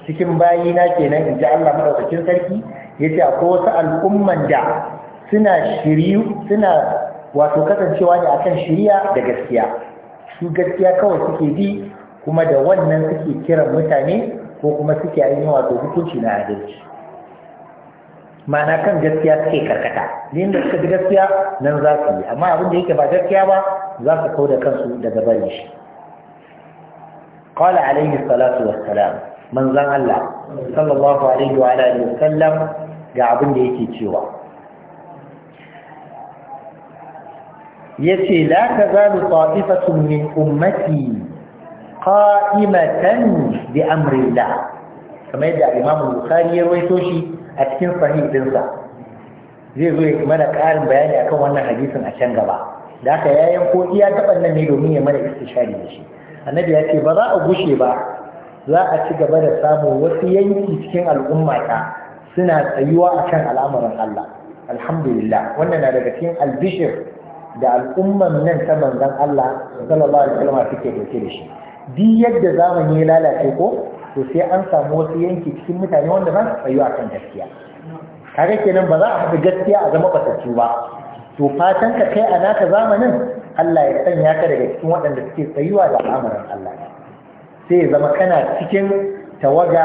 cikin bayina kenan in ji Allah madaukakin sarki yace akwai wasu al'umman da suna shiriyu suna wato kasancewa ne akan shiriya da gaskiya su gaskiya kawai suke bi kuma da wannan suke kiran mutane ko kuma suke ainihin wato hukunci na adalci ma'ana kan gaskiya take karkata din da suka ji gaskiya nan za su yi amma abin da yake ba gaskiya قال عليه الصلاة والسلام من زن الله صلى الله عليه وعلى آله وسلم قابل يتي تيوى يتي لا تزال طائفة من أمتي قائمة بأمر الله كما يدعى الإمام البخاري يرويتوشي a cikin sahih dinsa zai zo ya mana ƙarin bayani akan wannan hadisin a can gaba da haka yayin ko iya taɓa nan ne domin ya mana istishari da shi annabi ya ce ba za a gushe ba za a ci gaba da samun wasu yanki cikin al'umma ta suna tsayuwa a kan al'amuran Allah alhamdulillah wannan na daga cikin albishir da al'umman nan ta manzon Allah sallallahu alaihi wasallam suke dauke da shi duk yadda zamani ya lalace ko to sai an samu wasu yanki cikin mutane wanda ba su tsayu a kan gaskiya kaga kenan ba za a haɗu gaskiya a zama batattu ba to fatan ka kai a naka zamanin Allah ya sanya ka daga cikin waɗanda suke tsayuwa da al'amarin Allah sai ya zama kana cikin tawaga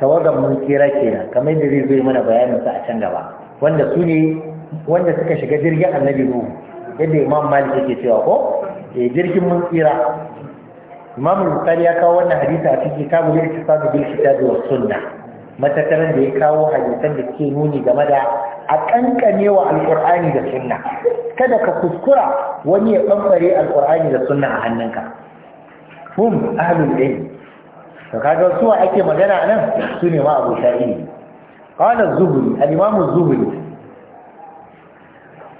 tawagan mun kira kenan kamar yadda zai zo mana bayanin sa a can gaba wanda su ne wanda suka shiga jirgin annabi Nuhu yadda Imam Malik yake cewa ko eh, jirgin mun tsira. imam bukhari ya kawo wannan hadisi a cikin kitabu ta kitab bil kitab wa sunnah matakaran da ya kawo hadisan da ke nuni game da a kankanewa alqur'ani da sunna kada ka kuskura wani ya bambare alqur'ani da sunna a hannunka hum ahlul ilm to kaga suwa ake magana nan su ne ma abu shari'i qala zuhri al-imam az-zuhri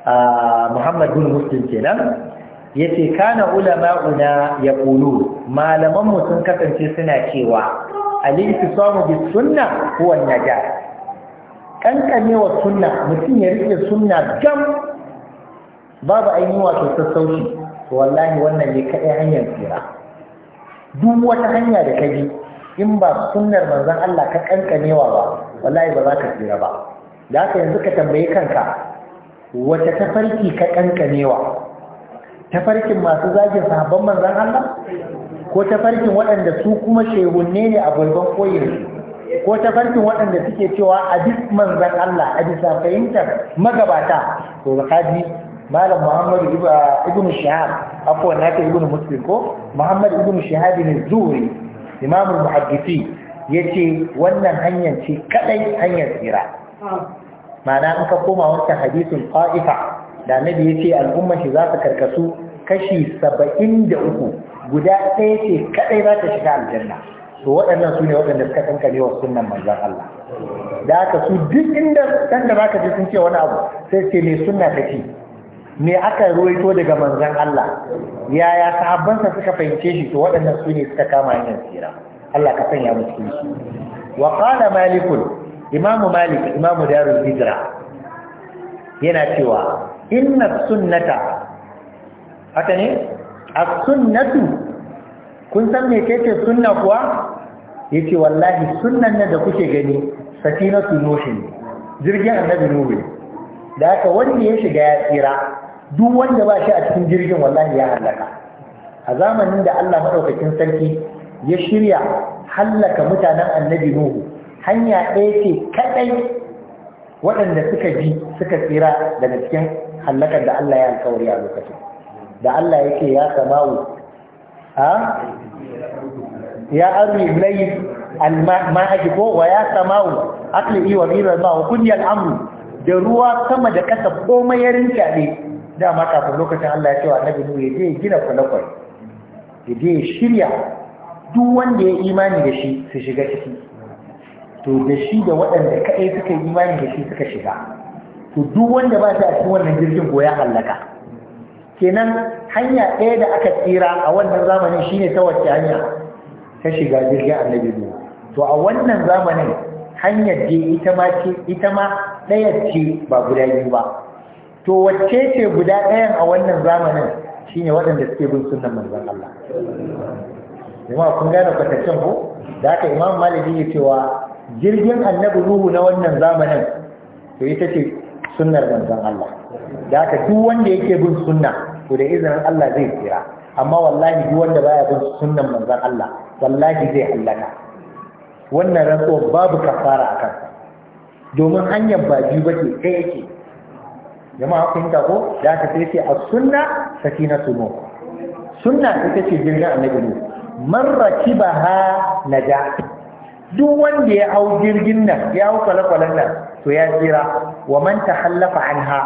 ah, muhammad bin muslim kenan yace kana ulama'una ya malaman mu sun kasance suna cewa al-ittisamu bis sunna huwa an Ƙanƙanewar suna mutum ya rike sunna gam babu ainihin wato sassauci wallahi wannan ne kaɗai hanyar tsira duk wata hanya da ka bi in ba sunnar manzon Allah ka ƙanƙanewa ba wallahi ba za ka tsira ba da haka yanzu ka tambaye kanka wace tafarki ka ƙanƙanewa? tafarkin masu zagin sahabban manzan Allah ko tafarkin waɗanda su kuma shehunne ne a gulban koyin ko tafarkin waɗanda suke cewa a duk manzan Allah a bisa fahimtar magabata to kaji malam Muhammad uh, ibn Shihab afwan naka ibn Muslim ko Muhammad ibn Shihab ne Zuhri Imam al-Muhaddisi yace wannan hanyar ce kadai hanyar tsira ah. ma'ana in ka koma wancan hadisin qa'ifa da annabi ya ce al'ummar shi za su karkasu kashi saba'in da uku guda ɗaya ce kaɗai za ta shiga aljanna to waɗannan su ne waɗanda suka kankane wa sunan manzan Allah da aka su duk inda ɗan da baka ji sun ce wani abu sai ce me sunna ta ce me aka ruwaito daga manzan Allah yaya sahabbansa suka fahimce shi to waɗannan su ne suka kama hanyar tsira Allah ka sanya mu cikin su wa qala malikul malik imamu darul hijra yana cewa inna sunnata haka ne a sunnatu kun san me ce sunna kuwa yace wallahi sunnan nan da kuke gani safinatu nuhi jirgin annabi nuhu da haka wanda ya shiga ya tsira duk wanda ba shi a cikin jirgin wallahi ya halaka a zamanin da Allah madaukakin sarki ya shirya hallaka mutanen annabi nuhu hanya ɗaya ce kaɗai waɗanda suka ji suka tsira daga cikin hallakar da Allah ya alkawari a lokacin da Allah ya ce ya samawu ha ya arri lai ma haji ko wa ya samawu akli wa mira ma wa kunyal amru da ruwa sama da kasa komai ya rinka ne ma kafin lokacin Allah ya ce wa annabi ya je gina kulakwai ya je shirya duk wanda ya imani da shi su shiga ciki to da shi da waɗanda kaɗai suka yi imani da shi suka shiga to duk wanda ba ta a cikin wannan jirgin ko ya hallaka kenan hanya ɗaya da aka tsira a wannan zamanin shine ta wacce hanya ta shiga jirgin annabi ne to a wannan zamanin hanyar je ita ma ce ita ma ɗaya ce ba guda biyu ba to wacce ce guda ɗayan a wannan zamanin shine waɗanda suke bin sunnan manzon Allah kuma kun gane kwatancen ko da haka imam maliki ya cewa jirgin annabi ruhu na wannan zamanin to ita ce sunnar manzon Allah da haka duk wanda yake bin sunna to da izinin Allah zai tsira amma wallahi duk wanda baya bin sunnan manzon Allah wallahi zai halaka. wannan rantsuwar babu kafara akan domin hanyar ba ji bace kai yake jama'a kun ta ko da haka sai ce as-sunna sakinatu mu sunna ita ce jirgin annabi ne man rakibaha naja duk wanda ya hau jirgin nan ya hau kwale-kwalen nan to ya tsira wa man tahallafa anha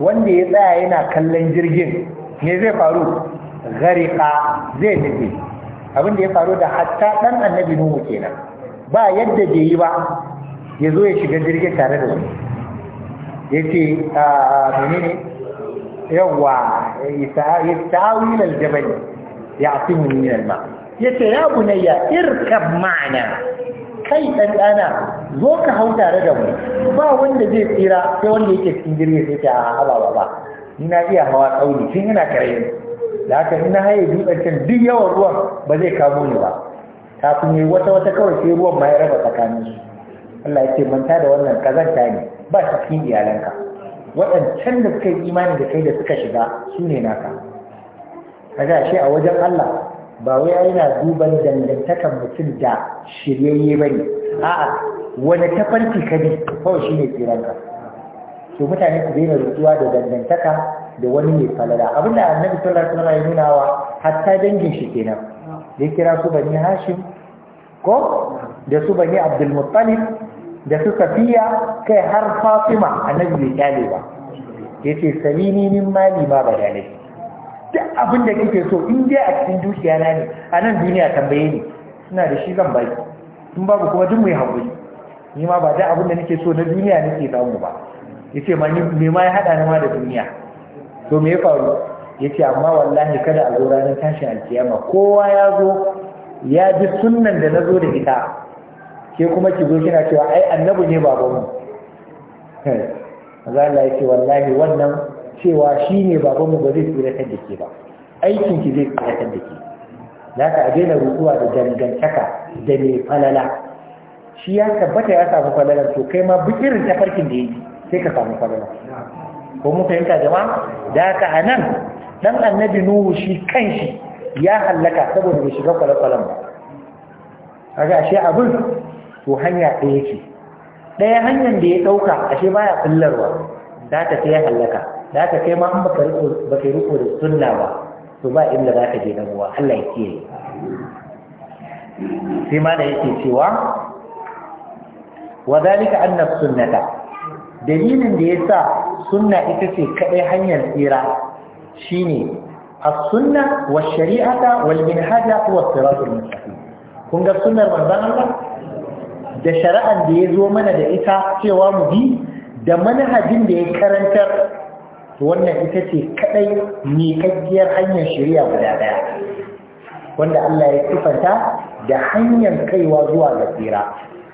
wanda ya tsaya yana kallon jirgin me zai faru gharika zai nufi abin da ya faru da hatta dan annabi nuhu kenan ba yadda bai yi ba ya zo ya shiga jirgin tare da su ya ce a menene yawwa ta'awil aljabal ya asimu min ma. ya ce ya bunayya irkab ma'ana kai ɗan ɗana zo ka hau tare da mu ba wanda zai tsira sai wanda yake cikin jirgin sai ta hawa ba ni na iya hawa tsauni tun yana karayin da haka ina haye dutsen can duk yawan ruwan ba zai kamo ni ba kafin yi wata wata kawai sai ruwan ma ya raba tsakanin su Allah ya ce manta da wannan kazanta ne ba shi cikin iyalanka waɗancan da suka yi imani da kai da suka shiga su ne naka kaga shi a wajen Allah ba wai yana duban dangantakar mutum da shiryayye ba ne a'a wani tafarki ka ne kawai shi ne tsiranka to mutane su daina rutuwa da dangantaka da wani mai falala abinda annabi sallallahu alaihi wasallam ya nuna wa hatta dangin shi kenan da kira su bani hashim ko da su bani abdul muttalib da su safiya kai har Fafima annabi bai kyale ba yace salini min mali ma badalai duk abin da kike so in dai a cikin dukiya na ne a nan duniya tambaye ni ina da shi zan baki in babu kuma duk mai haƙuri ni ma ba duk abin da nake so na duniya nake samu ba yace ma ni me ma ya hada ni ma da duniya to me ya faru yace amma wallahi kada a zo ranar tashin alkiyama kowa ya zo ya ji sunnan da na zo da ita ke kuma ki zo kina cewa ai annabi ne babanmu Allah ya ce wallahi wannan cewa shi ne babanmu ba zai tsiratar da ke ba aikin ki zai tsiratar da ke za ka daina rutuwa da dangantaka da mai falala shi ya tabbata ya samu falalar to kai ma duk irin tafarkin da ya yi sai ka samu falala ko mun fahimta jama'a da ka a nan dan annabi nuhu shi kanshi ya hallaka saboda bai shiga kwale-kwalen ba ga shi abin to hanya ɗaya ce ɗaya hanyar da ya ɗauka ashe baya kullarwa za ta sai ya hallaka da haka kai ma an baka riko baka riko da sunna ba to ba inda za ka je na ruwa Allah ya kiyaye sai ma da yake cewa wa zalika anna sunnata dalilin da yasa sunna ita ce kadai hanyar tsira shine as-sunna wa shari'ata wal minhaja huwa siratul mustaqim kun ga sunnar manzon Allah da shari'an da ya zo mana da ita cewa mu bi da manhajin da ya karantar to wannan ita ce kadai miƙaggiyar hanyar shari'a guda daya wanda Allah ya sifanta da hanyar kaiwa zuwa ga tsira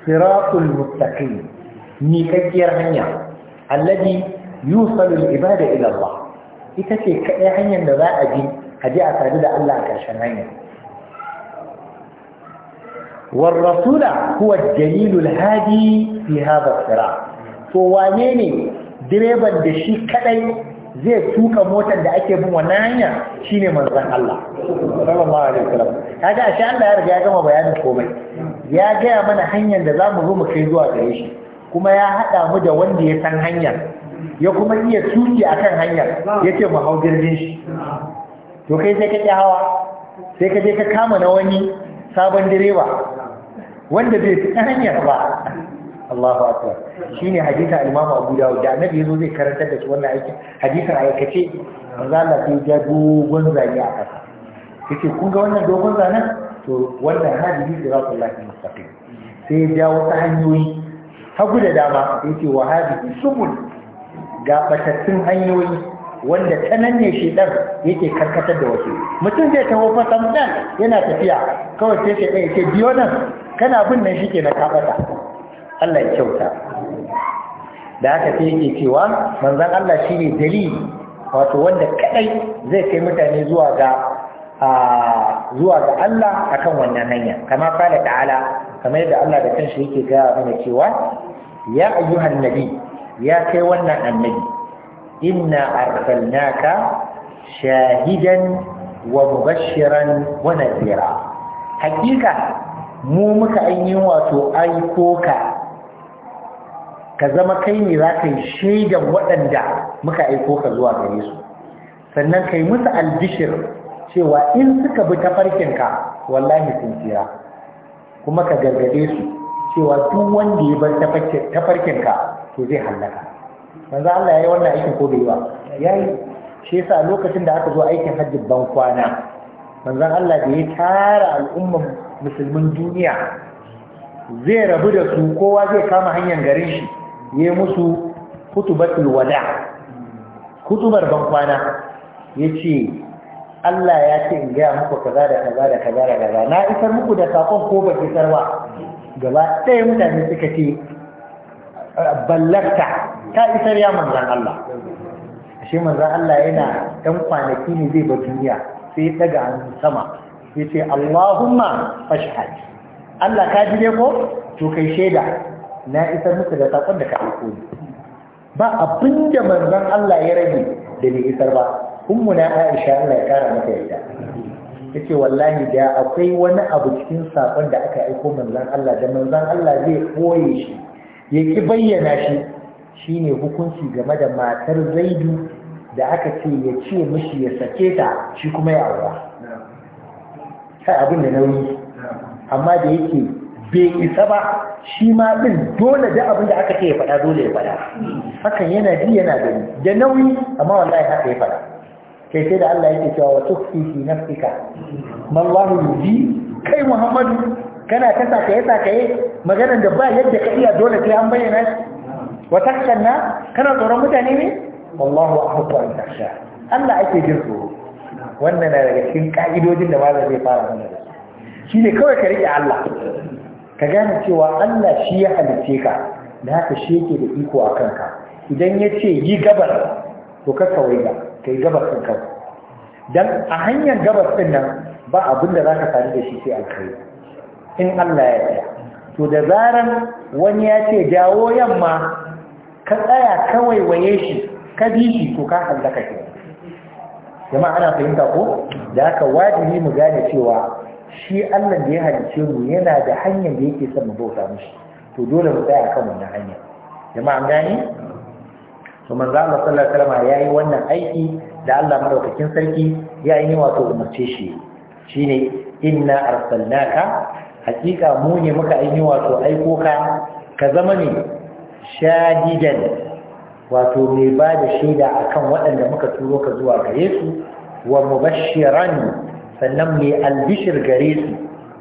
siratul mustaqim miƙaggiyar hanya alladhi yusalu al-ibada ila Allah ita ce kadai hanyar da za a bi a ji a sadu da Allah a ƙarshen hanya war rasula huwa ad-dalilul hadi fi hadha as-sirat to wane ne direban da shi kadai zai tuka motar da ake bin wannan hanya shine manzon Allah sallallahu alaihi wasallam kaga ashe Allah ya riga ya gama bayanin komai ya gaya mana hanyar da zamu zo mu kai zuwa gare shi kuma ya hada mu da wanda ya san hanyar ya kuma iya tuki akan hanyar yace mu hau jirgin shi to kai sai ka ƙi hawa sai ka je ka kama na wani sabon direba wanda bai fi hanyar ba Allahu akbar shine hadisin al-Imam Abu Dawud da annabi yazo zai karantar da su wannan aikin hadisin aikace manzo Allah sai ya dogon zane a kasa yace kun ga wannan dogon zanen to wannan hadisi siratullahi mustaqim sai ya jawo ta hanyoyi hagu da dama yace wa hadisi subul ga batattun hanyoyi wanda ta nan ne shedan yake karkatar da wasu mutum zai taho fasan nan yana tafiya kawai sai shedan yake biyo nan kana bin nan shi ke na kafata. Allah ya kyauta da haka sai yake cewa manzon Allah shine dalil wato wanda kadai zai kai mutane zuwa ga zuwa ga Allah akan wannan hanya kama kala ta'ala kamar yadda Allah da kanshi yake gaya mana cewa ya ayyuhan nabi ya kai wannan annabi inna arsalnaka shahidan wa mubashiran wa nadhira hakika mu muka an yi wato aiko ka ka zama kai ne za ka yi shaidan waɗanda muka aiko ka zuwa gare su sannan ka yi musu albishir cewa in suka bi tafarkinka wallahi sun tsira kuma ka gargade su cewa duk wanda ya bar tafarkinka to zai hallaka manzo Allah yayi wannan aikin ko bai ba yayi shi yasa lokacin da aka zo aikin hajji ban kwana manzo Allah da ya tara al'ummar musulmin duniya zai rabu da su kowa zai kama hanyar garin shi ya musu hutubatul wada bankwana ya ce Allah ya ce in gaya muku kaza da kaza da kaza da kaza na isar muku da sakon ko ba isar ba gaba ɗaya mutane suka ce ballarta ta isar ya manzan Allah shi manzan Allah yana ɗan kwanaki ne zai ba duniya sai daga hannun sama Ya ce Allahumma fashhad Allah ka ji ko to kai shaida na isa muku da sakon da ka aiko ni ba abin da manzon Allah ya rage da bai isar ba na Aisha Allah ya kara mata yadda yace wallahi da akwai wani abu cikin sakon da aka aiko manzon Allah da manzon Allah zai koye shi ya ki bayyana shi shine hukunci game da matar Zaidu da aka ce ya ce mishi ya sake ta shi kuma ya aura kai abin da nauyi amma da yake bai isa ba shi ma ɗin dole da abin da aka ce ya faɗa dole ya faɗa hakan yana ji yana gani da nauyi amma wallahi haka ya faɗa kai sai da Allah yake cewa wa tukhfi fi nafsika mallahu yuji kai Muhammadu kana ta sakaye sakaye maganar da ba yadda ka iya dole sai an bayyana shi wa takshanna kana tsoron mutane ne wallahu ahqqu an Allah ake jin tsoro wannan na daga cikin ka'idojin da malam zai fara mana da shi ne kawai ka rike Allah ka gane cewa Allah shi ya halitte ka da haka shi yake da iko a kanka idan ya ce yi gabar to ka kawai ga ka yi gabar ɗin kanka don a hanyar gabar ɗin nan ba abin da za ka da shi sai alkhairi in Allah ya tsaya to da zaran wani ya ce dawo yamma ka tsaya kawai waye shi ka bi shi to ka hallaka shi jama'a ana fahimta ko da haka wajibi mu gane cewa shi Allah da ya halice mu yana da hanyar da yake son mu bauta mishi to dole mu tsaya kan wannan hanya jama'a an gane to manzo Allah sallallahu alaihi wasallam yayi wannan aiki da Allah madaukakin sarki ya yi wato umarce shi shine inna arsalnaka hakika mu ne muka yi wato aiko ka ka zama ne shadidan wato mai ba da shaida akan waɗanda muka turo ka zuwa gare su wa mubashiran sannan mai albishir gare su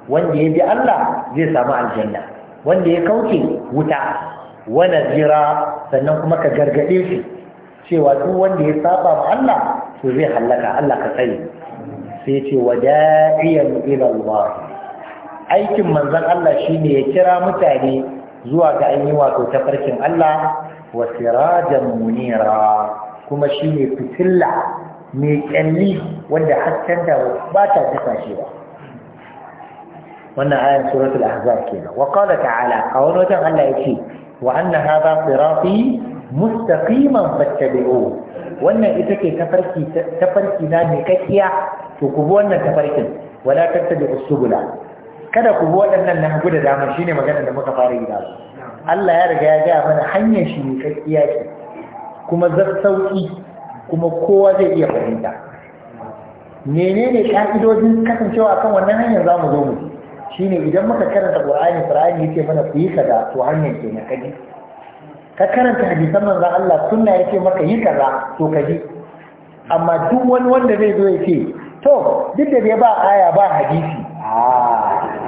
wanda ya bi Allah zai samu aljanna wanda ya kauce wuta wana jira sannan kuma ka gargaɗe shi cewa duk wanda ya saba ma Allah to zai hallaka Allah ka tsaye. sai ce wada'iyan ila Allah aikin manzon Allah shine ya kira mutane zuwa ga an yi wato tafarkin Allah wa sirajan munira kuma shine fitilla mai kyalli wanda hasken da ba ta tafa shi ba wannan ayan suratul ahzab kenan wa qala ta'ala a wani wajen Allah ce wa anna hadha sirati mustaqiman fattabi'u wannan ita ce tafarki tafarki na mai kakkiya to ku bi wannan tafarkin wala tattabi'u subula kada ku bi waɗannan na hagu da dama shine magana da muka fara yi da Allah ya riga ya ga mana hanyar shi mai kakkiya ce kuma zar sauki kuma kowa zai iya fahimta menene ƙa'idojin kasancewa akan wannan hanyar za mu zo mu Shi ne idan muka karanta qur'ani ya ce mana ku yi kaza to hanyar ke na kaji ka karanta hadisan za Allah sunna ce maka yi kaza to kaji amma duk wani wanda zai zo ya ce to duk da dai ba aya ba hadisi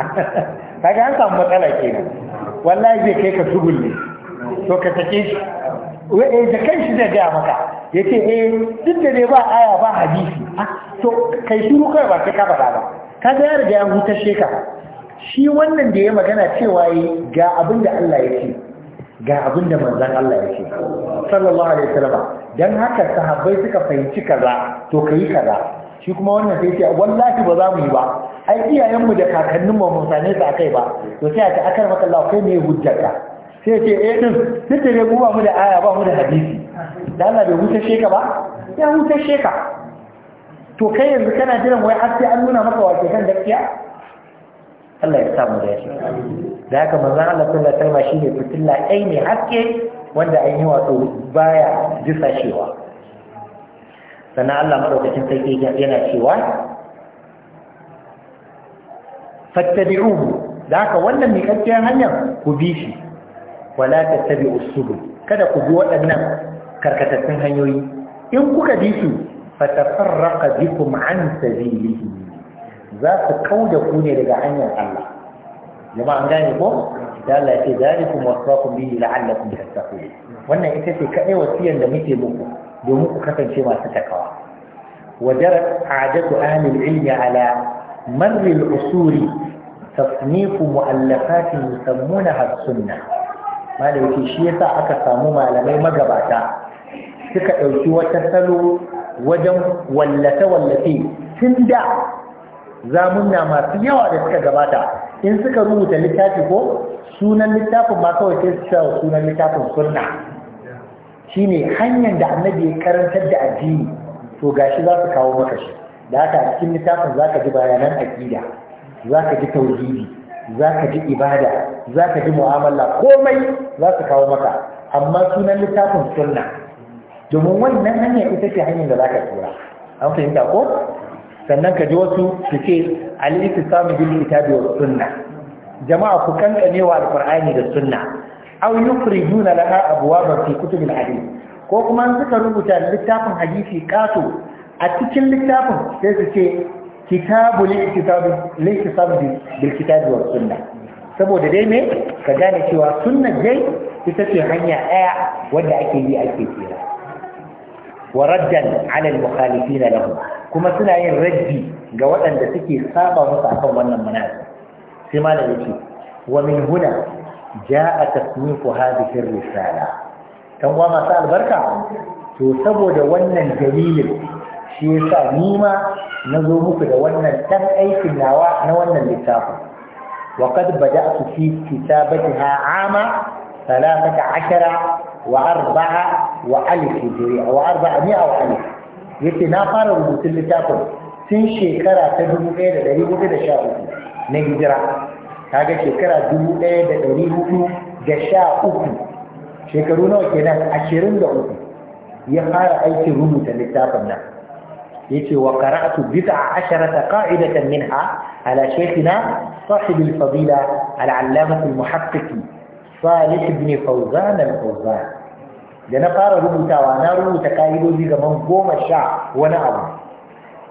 ga an samu matsala kenan wallahi zai kai ka tubul to ka take shi eh, da kai shi zai gaya maka ya ce eh duk da dai ba aya ba hadisi ah, to kai shiru kai ba sai ka faɗa ba ka ga ya riga ya hutar sheka shi wannan da ya magana cewa yi ga abin Allah ya ce ga abin da manzan Allah ya ce sallallahu alaihi wasallam dan haka sahabbai suka fahimci kaza to kai kaza shi kuma wannan sai ce wallahi ba za mu yi ba ai iyayenmu da kakannin mu mun sane su akai ba to sai a ce akar maka Allah kai ne hujjarka sai ce eh din duk da mu ba mu da aya ba mu da hadisi da Allah bai huta sheka ba ya huta sheka to kai yanzu kana jiran wai har sai an nuna maka wace kan gaskiya Allah ya samu da shi da haka manzon Allah sallallahu alaihi wasallam shine fitilla ɗai ne haske wanda an yi wato baya jisashewa sannan Allah madaukakin sarki yana cewa fattabi'uhu da haka wannan miƙaƙƙiyar hanyar ku bi shi wala tattabi'us subul kada ku bi waɗannan karkatattun hanyoyi in kuka bi su fatafarraqa bikum an sabilihi za su kauda ku ne daga hanyar Allah jama'a an gane ko da Allah ya ce zalikum wasaqu bihi la'allakum tattaqun wannan ita ce kadai wasiyar da muke muku domin ku kasance masu takawa وجرت عادة أهل العلم على مر الأصول تصنيف مؤلفات يسمونها السنة ما لو كي شيء ساعة كسامو ما لمي مقباتا suka ɗauki wata salo wajen wallafe-wallafe tun da zamunna masu yawa da suka gabata in suka rubuta littafi ko sunan littafin ma kawai sai su sunan littafin sunna ne hanyar da annabi ya karantar da addini to gashi za su kawo maka shi da haka a cikin littafin za ka ji bayanan aƙida za ka ji tauhidi za ka ji ibada za ka ji mu'amala komai za su kawo maka amma sunan littafin sunna domin wannan hanyar ita ce hanyar da za ka tura an fahimta ko sannan ka ji wasu su ce alisi samun bil kitabi wa sunna jama'a ku kankane wa alqur'ani da sunna da yukhrijuna laha abwaban fi kutubil hadith ko kuma suka rubuta littafin hadisi kato a cikin littafin sai su ce kitabu likitab bil kitabi wa sunna saboda dai me ka gane cewa sunna dai ita ce hanya ɗaya wadda ake yi ake tsira wa raddan ala al-mukhalifin lahu kuma suna yin raddi ga waɗanda suke saba musu akan wannan manhaji sai malam yake wa min huna jaa tasnifu hadhihi ar-risala dan masu albarka to saboda wannan dalilin shi yasa ni ma na zo muku da wannan dan aikin nawa na wannan littafin wa qad bada'tu fi kitabatiha ama 13 وأربعة وألف جريعة وأربعة مئة وألف يتي نافر ودوت اللي تاكل سن شكرا تدمو إيدا داري بوكي دشا أوكي نهجرا هاگا شكرا دمو إيدا داري بوكي دشا أوكي شكرونا وكينات عشرين دو أوكي يخار أي تغمو تاللي تاكل يتي وقرأت بضع عشرة قاعدة منها على شيخنا صاحب الفضيلة العلامة علامة salih ibn fawzan al-fawzan da na fara rubutawa na rubuta ka'idoji gaban goma sha wani abu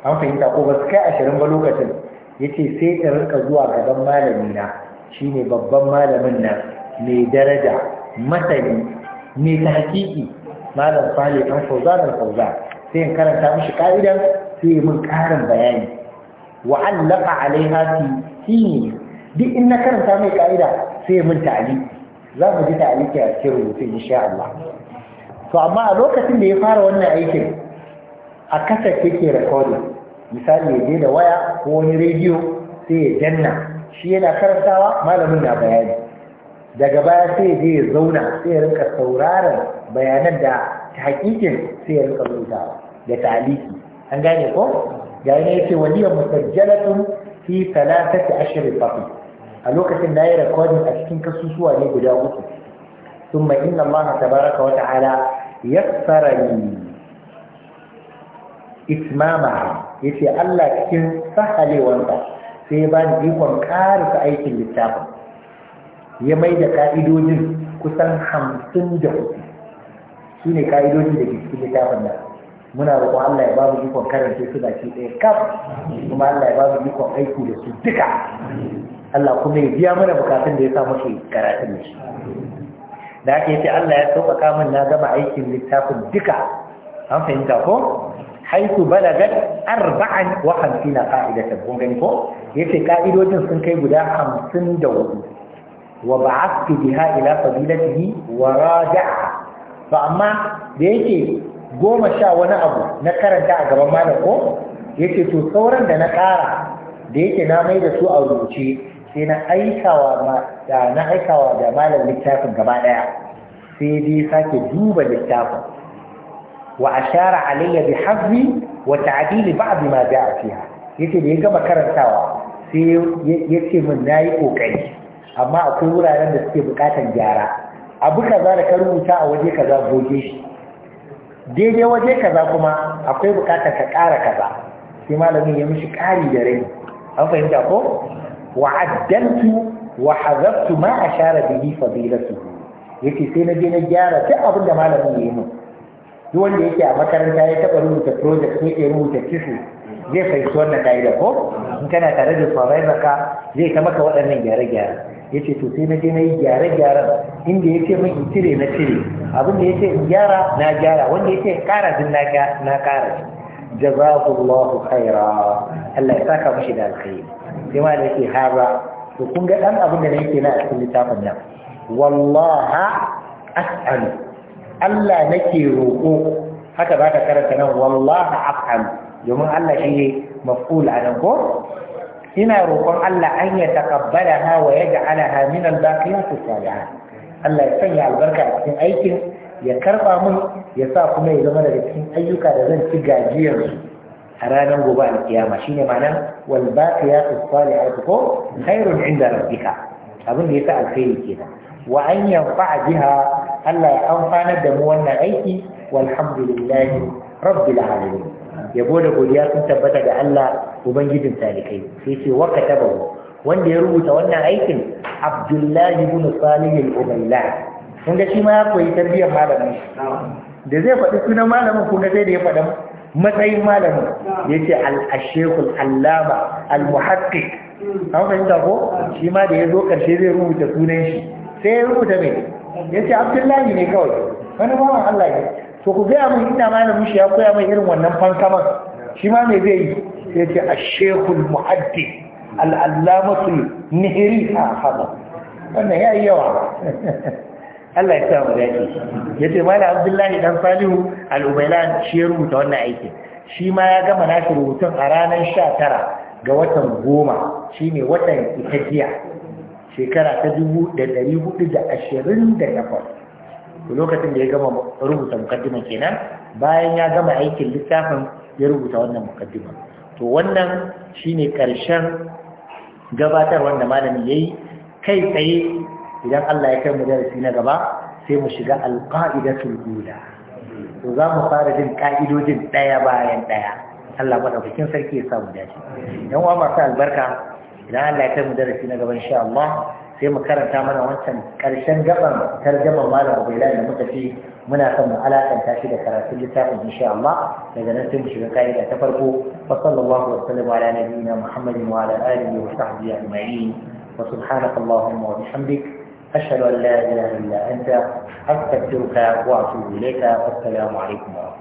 an fahimta ko ba su kai ashirin ba lokacin ya ce sai in rika zuwa gaban malami na shi ne babban malamin nan mai daraja masani mai hakiki. malam salih ibn fawzan al-fawzan sai in karanta mishi ka'idan sai mun karin bayani Wa wa'allaka alaiha fi duk in na karanta mai ka'ida sai mun ta'ali za mu ji ta'aliki a cikin rubutun insha Allah to amma a lokacin da ya fara wannan aikin a kasar yake recording misali ya je da waya ko wani rediyo sai ya janna, shi yana karantawa malamin na bayani daga baya sai ya je ya zauna sai ya rinka sauraron bayanan da ta hakikin sai ya rinka rubutawa da ta'aliki an gane ko ga yana yake waliyar musajjalatun fi talatati ashirin fafi a lokacin na yi rikodin a cikin kasusuwa ne guda uku sun mai inna Allah tabaraka wata ala ya tsara ni itmama ya ce Allah cikin sahalewansa sai ya bani ikon karisa aikin littafin ya mai da ka'idojin kusan hamsin da hudu su ne ka'idojin da ke cikin littafin nan muna roƙon Allah ya ba mu ikon karanta su da shi ɗaya kaf kuma Allah ya ba mu ikon aiki da su duka Allah kuma ya biya mana bukatun da ya sa muke karatun da shi da ake ce Allah ya sauƙaƙa min na gama aikin littafin duka an fahimta ko haitu balagat arba'an wa hamsina qa'idatan kun gani ko ce ka'idojin sun kai guda 54 wa ba'athtu biha ila fadilatihi wa raja'a Ba amma da yake goma sha wani abu na karanta a gaban malam ko ce to sauran da na ƙara da yake na mai da su a rubuce sai na aikawa ma da na aikawa da malam littafin gaba daya sai dai sake duba littafin wa ashara alayya bi hazzi wa ta'dil ba'd ma ja'a fiha yace da ya gama karantawa sai yace ce min nayi kokari amma akwai wuraren da suke bukatan gyara abu kaza da ka rubuta a waje kaza goge shi daidai waje kaza kuma akwai bukatar ka ƙara kaza sai malamin ya mishi kare da rai an fahimta ko wa'addantu wa hazaftu ma ashara bihi fadilatu yace sai na je na gyara duk abin da malamin ya yi min duk wanda yake a makaranta ya taɓa rubuta project ko ya rubuta kisu zai fahimci wannan ka'ida ko in kana tare da survivor ka zai ta maka waɗannan gyare-gyare ya ce to sai na je na yi gyare-gyaren inda ya ce min in cire na cire abin da ya ce in gyara na gyara wanda ya ce in ƙara din na ƙara jazakumullahu khaira Allah ya saka mushi da alkhairi sai ma da yake haza to kun ga dan abin da nake na a cikin littafin nan wallaha as'alu Allah nake roƙo haka za karanta nan wallaha as'alu domin Allah shi ne maf'ul a nan ko ina roƙon Allah an ya taqabbala ha wa yaj'alaha min al-baqiyat as-salihat Allah ya sanya albarka a cikin aikin ya karba mun ya sa kuma ya zama daga cikin ayyuka da zan ci gajiyar su a ranar gobe alkiyama shine ma'ana wal baqiyatu salihatu ko khairun inda rabbika abin da yasa alkhairi kenan wa an a jiha Allah ya amfanar da mu wannan aiki walhamdulillahi rabbil alamin yabo da godiya sun tabbata ga Allah ubangijin talikai sai ce wa katabahu wanda ya rubuta wannan aikin Abdullahi ibn Salih al-Ubaylah kun ga shi ma ya koyi tarbiyyar malamin da zai faɗi sunan malamin kun ga sai da ya faɗa matsayin malamin ya ce al'ashekul allama al-muhakkik hmm. an fahimta ko shi ma da ya zo ƙarshe zai rubuta sunan shi sai ya rubuta mai ya ce abdullahi ne kawai wani bawan allah ne to ku gaya min ina malamin shi ya koya min irin wannan fankaman shi ma mai zai yi ya ce muhaddi muhakkik al'allamatul nihiri a ah, haɗa wannan ya yi yawa Allah ya sa Ya ya ce malam Abdullahi dan Salihu al-Ubaylan shi ya rubuta wannan aikin shi ma ya gama nashi rubutun a ranar sha tara ga watan goma shi ne watan itajiya shekara ta dubu da dari hudu da ashirin da takwas lokacin da ya gama rubuta mukaddima kenan bayan ya gama aikin littafin ya rubuta wannan mukaddima to wannan shi ne ƙarshen gabatar wanda malami ya yi kai tsaye idan Allah ya kai mu darasi na gaba sai mu shiga alqaidatul ula to za mu fara jin ka'idojin daya bayan daya Allah madaukakin sarki ya samu mu dace dan uwa masu albarka idan Allah ya kai mu darasi na gaba insha Allah sai mu karanta mana wancan ƙarshen gaban tarjaman malam Ubaila da muka fi muna son mu alakanta shi da karatun littafin insha Allah daga nan sai mu shiga kaida ta farko wa sallallahu wa sallam ala nabiyyina Muhammadin wa ala alihi wa sahbihi ajma'in wa subhanaka allahumma wa أشهد أن لا إله إلا أنت أستغفرك وأتوب إليك والسلام عليكم ورحمة الله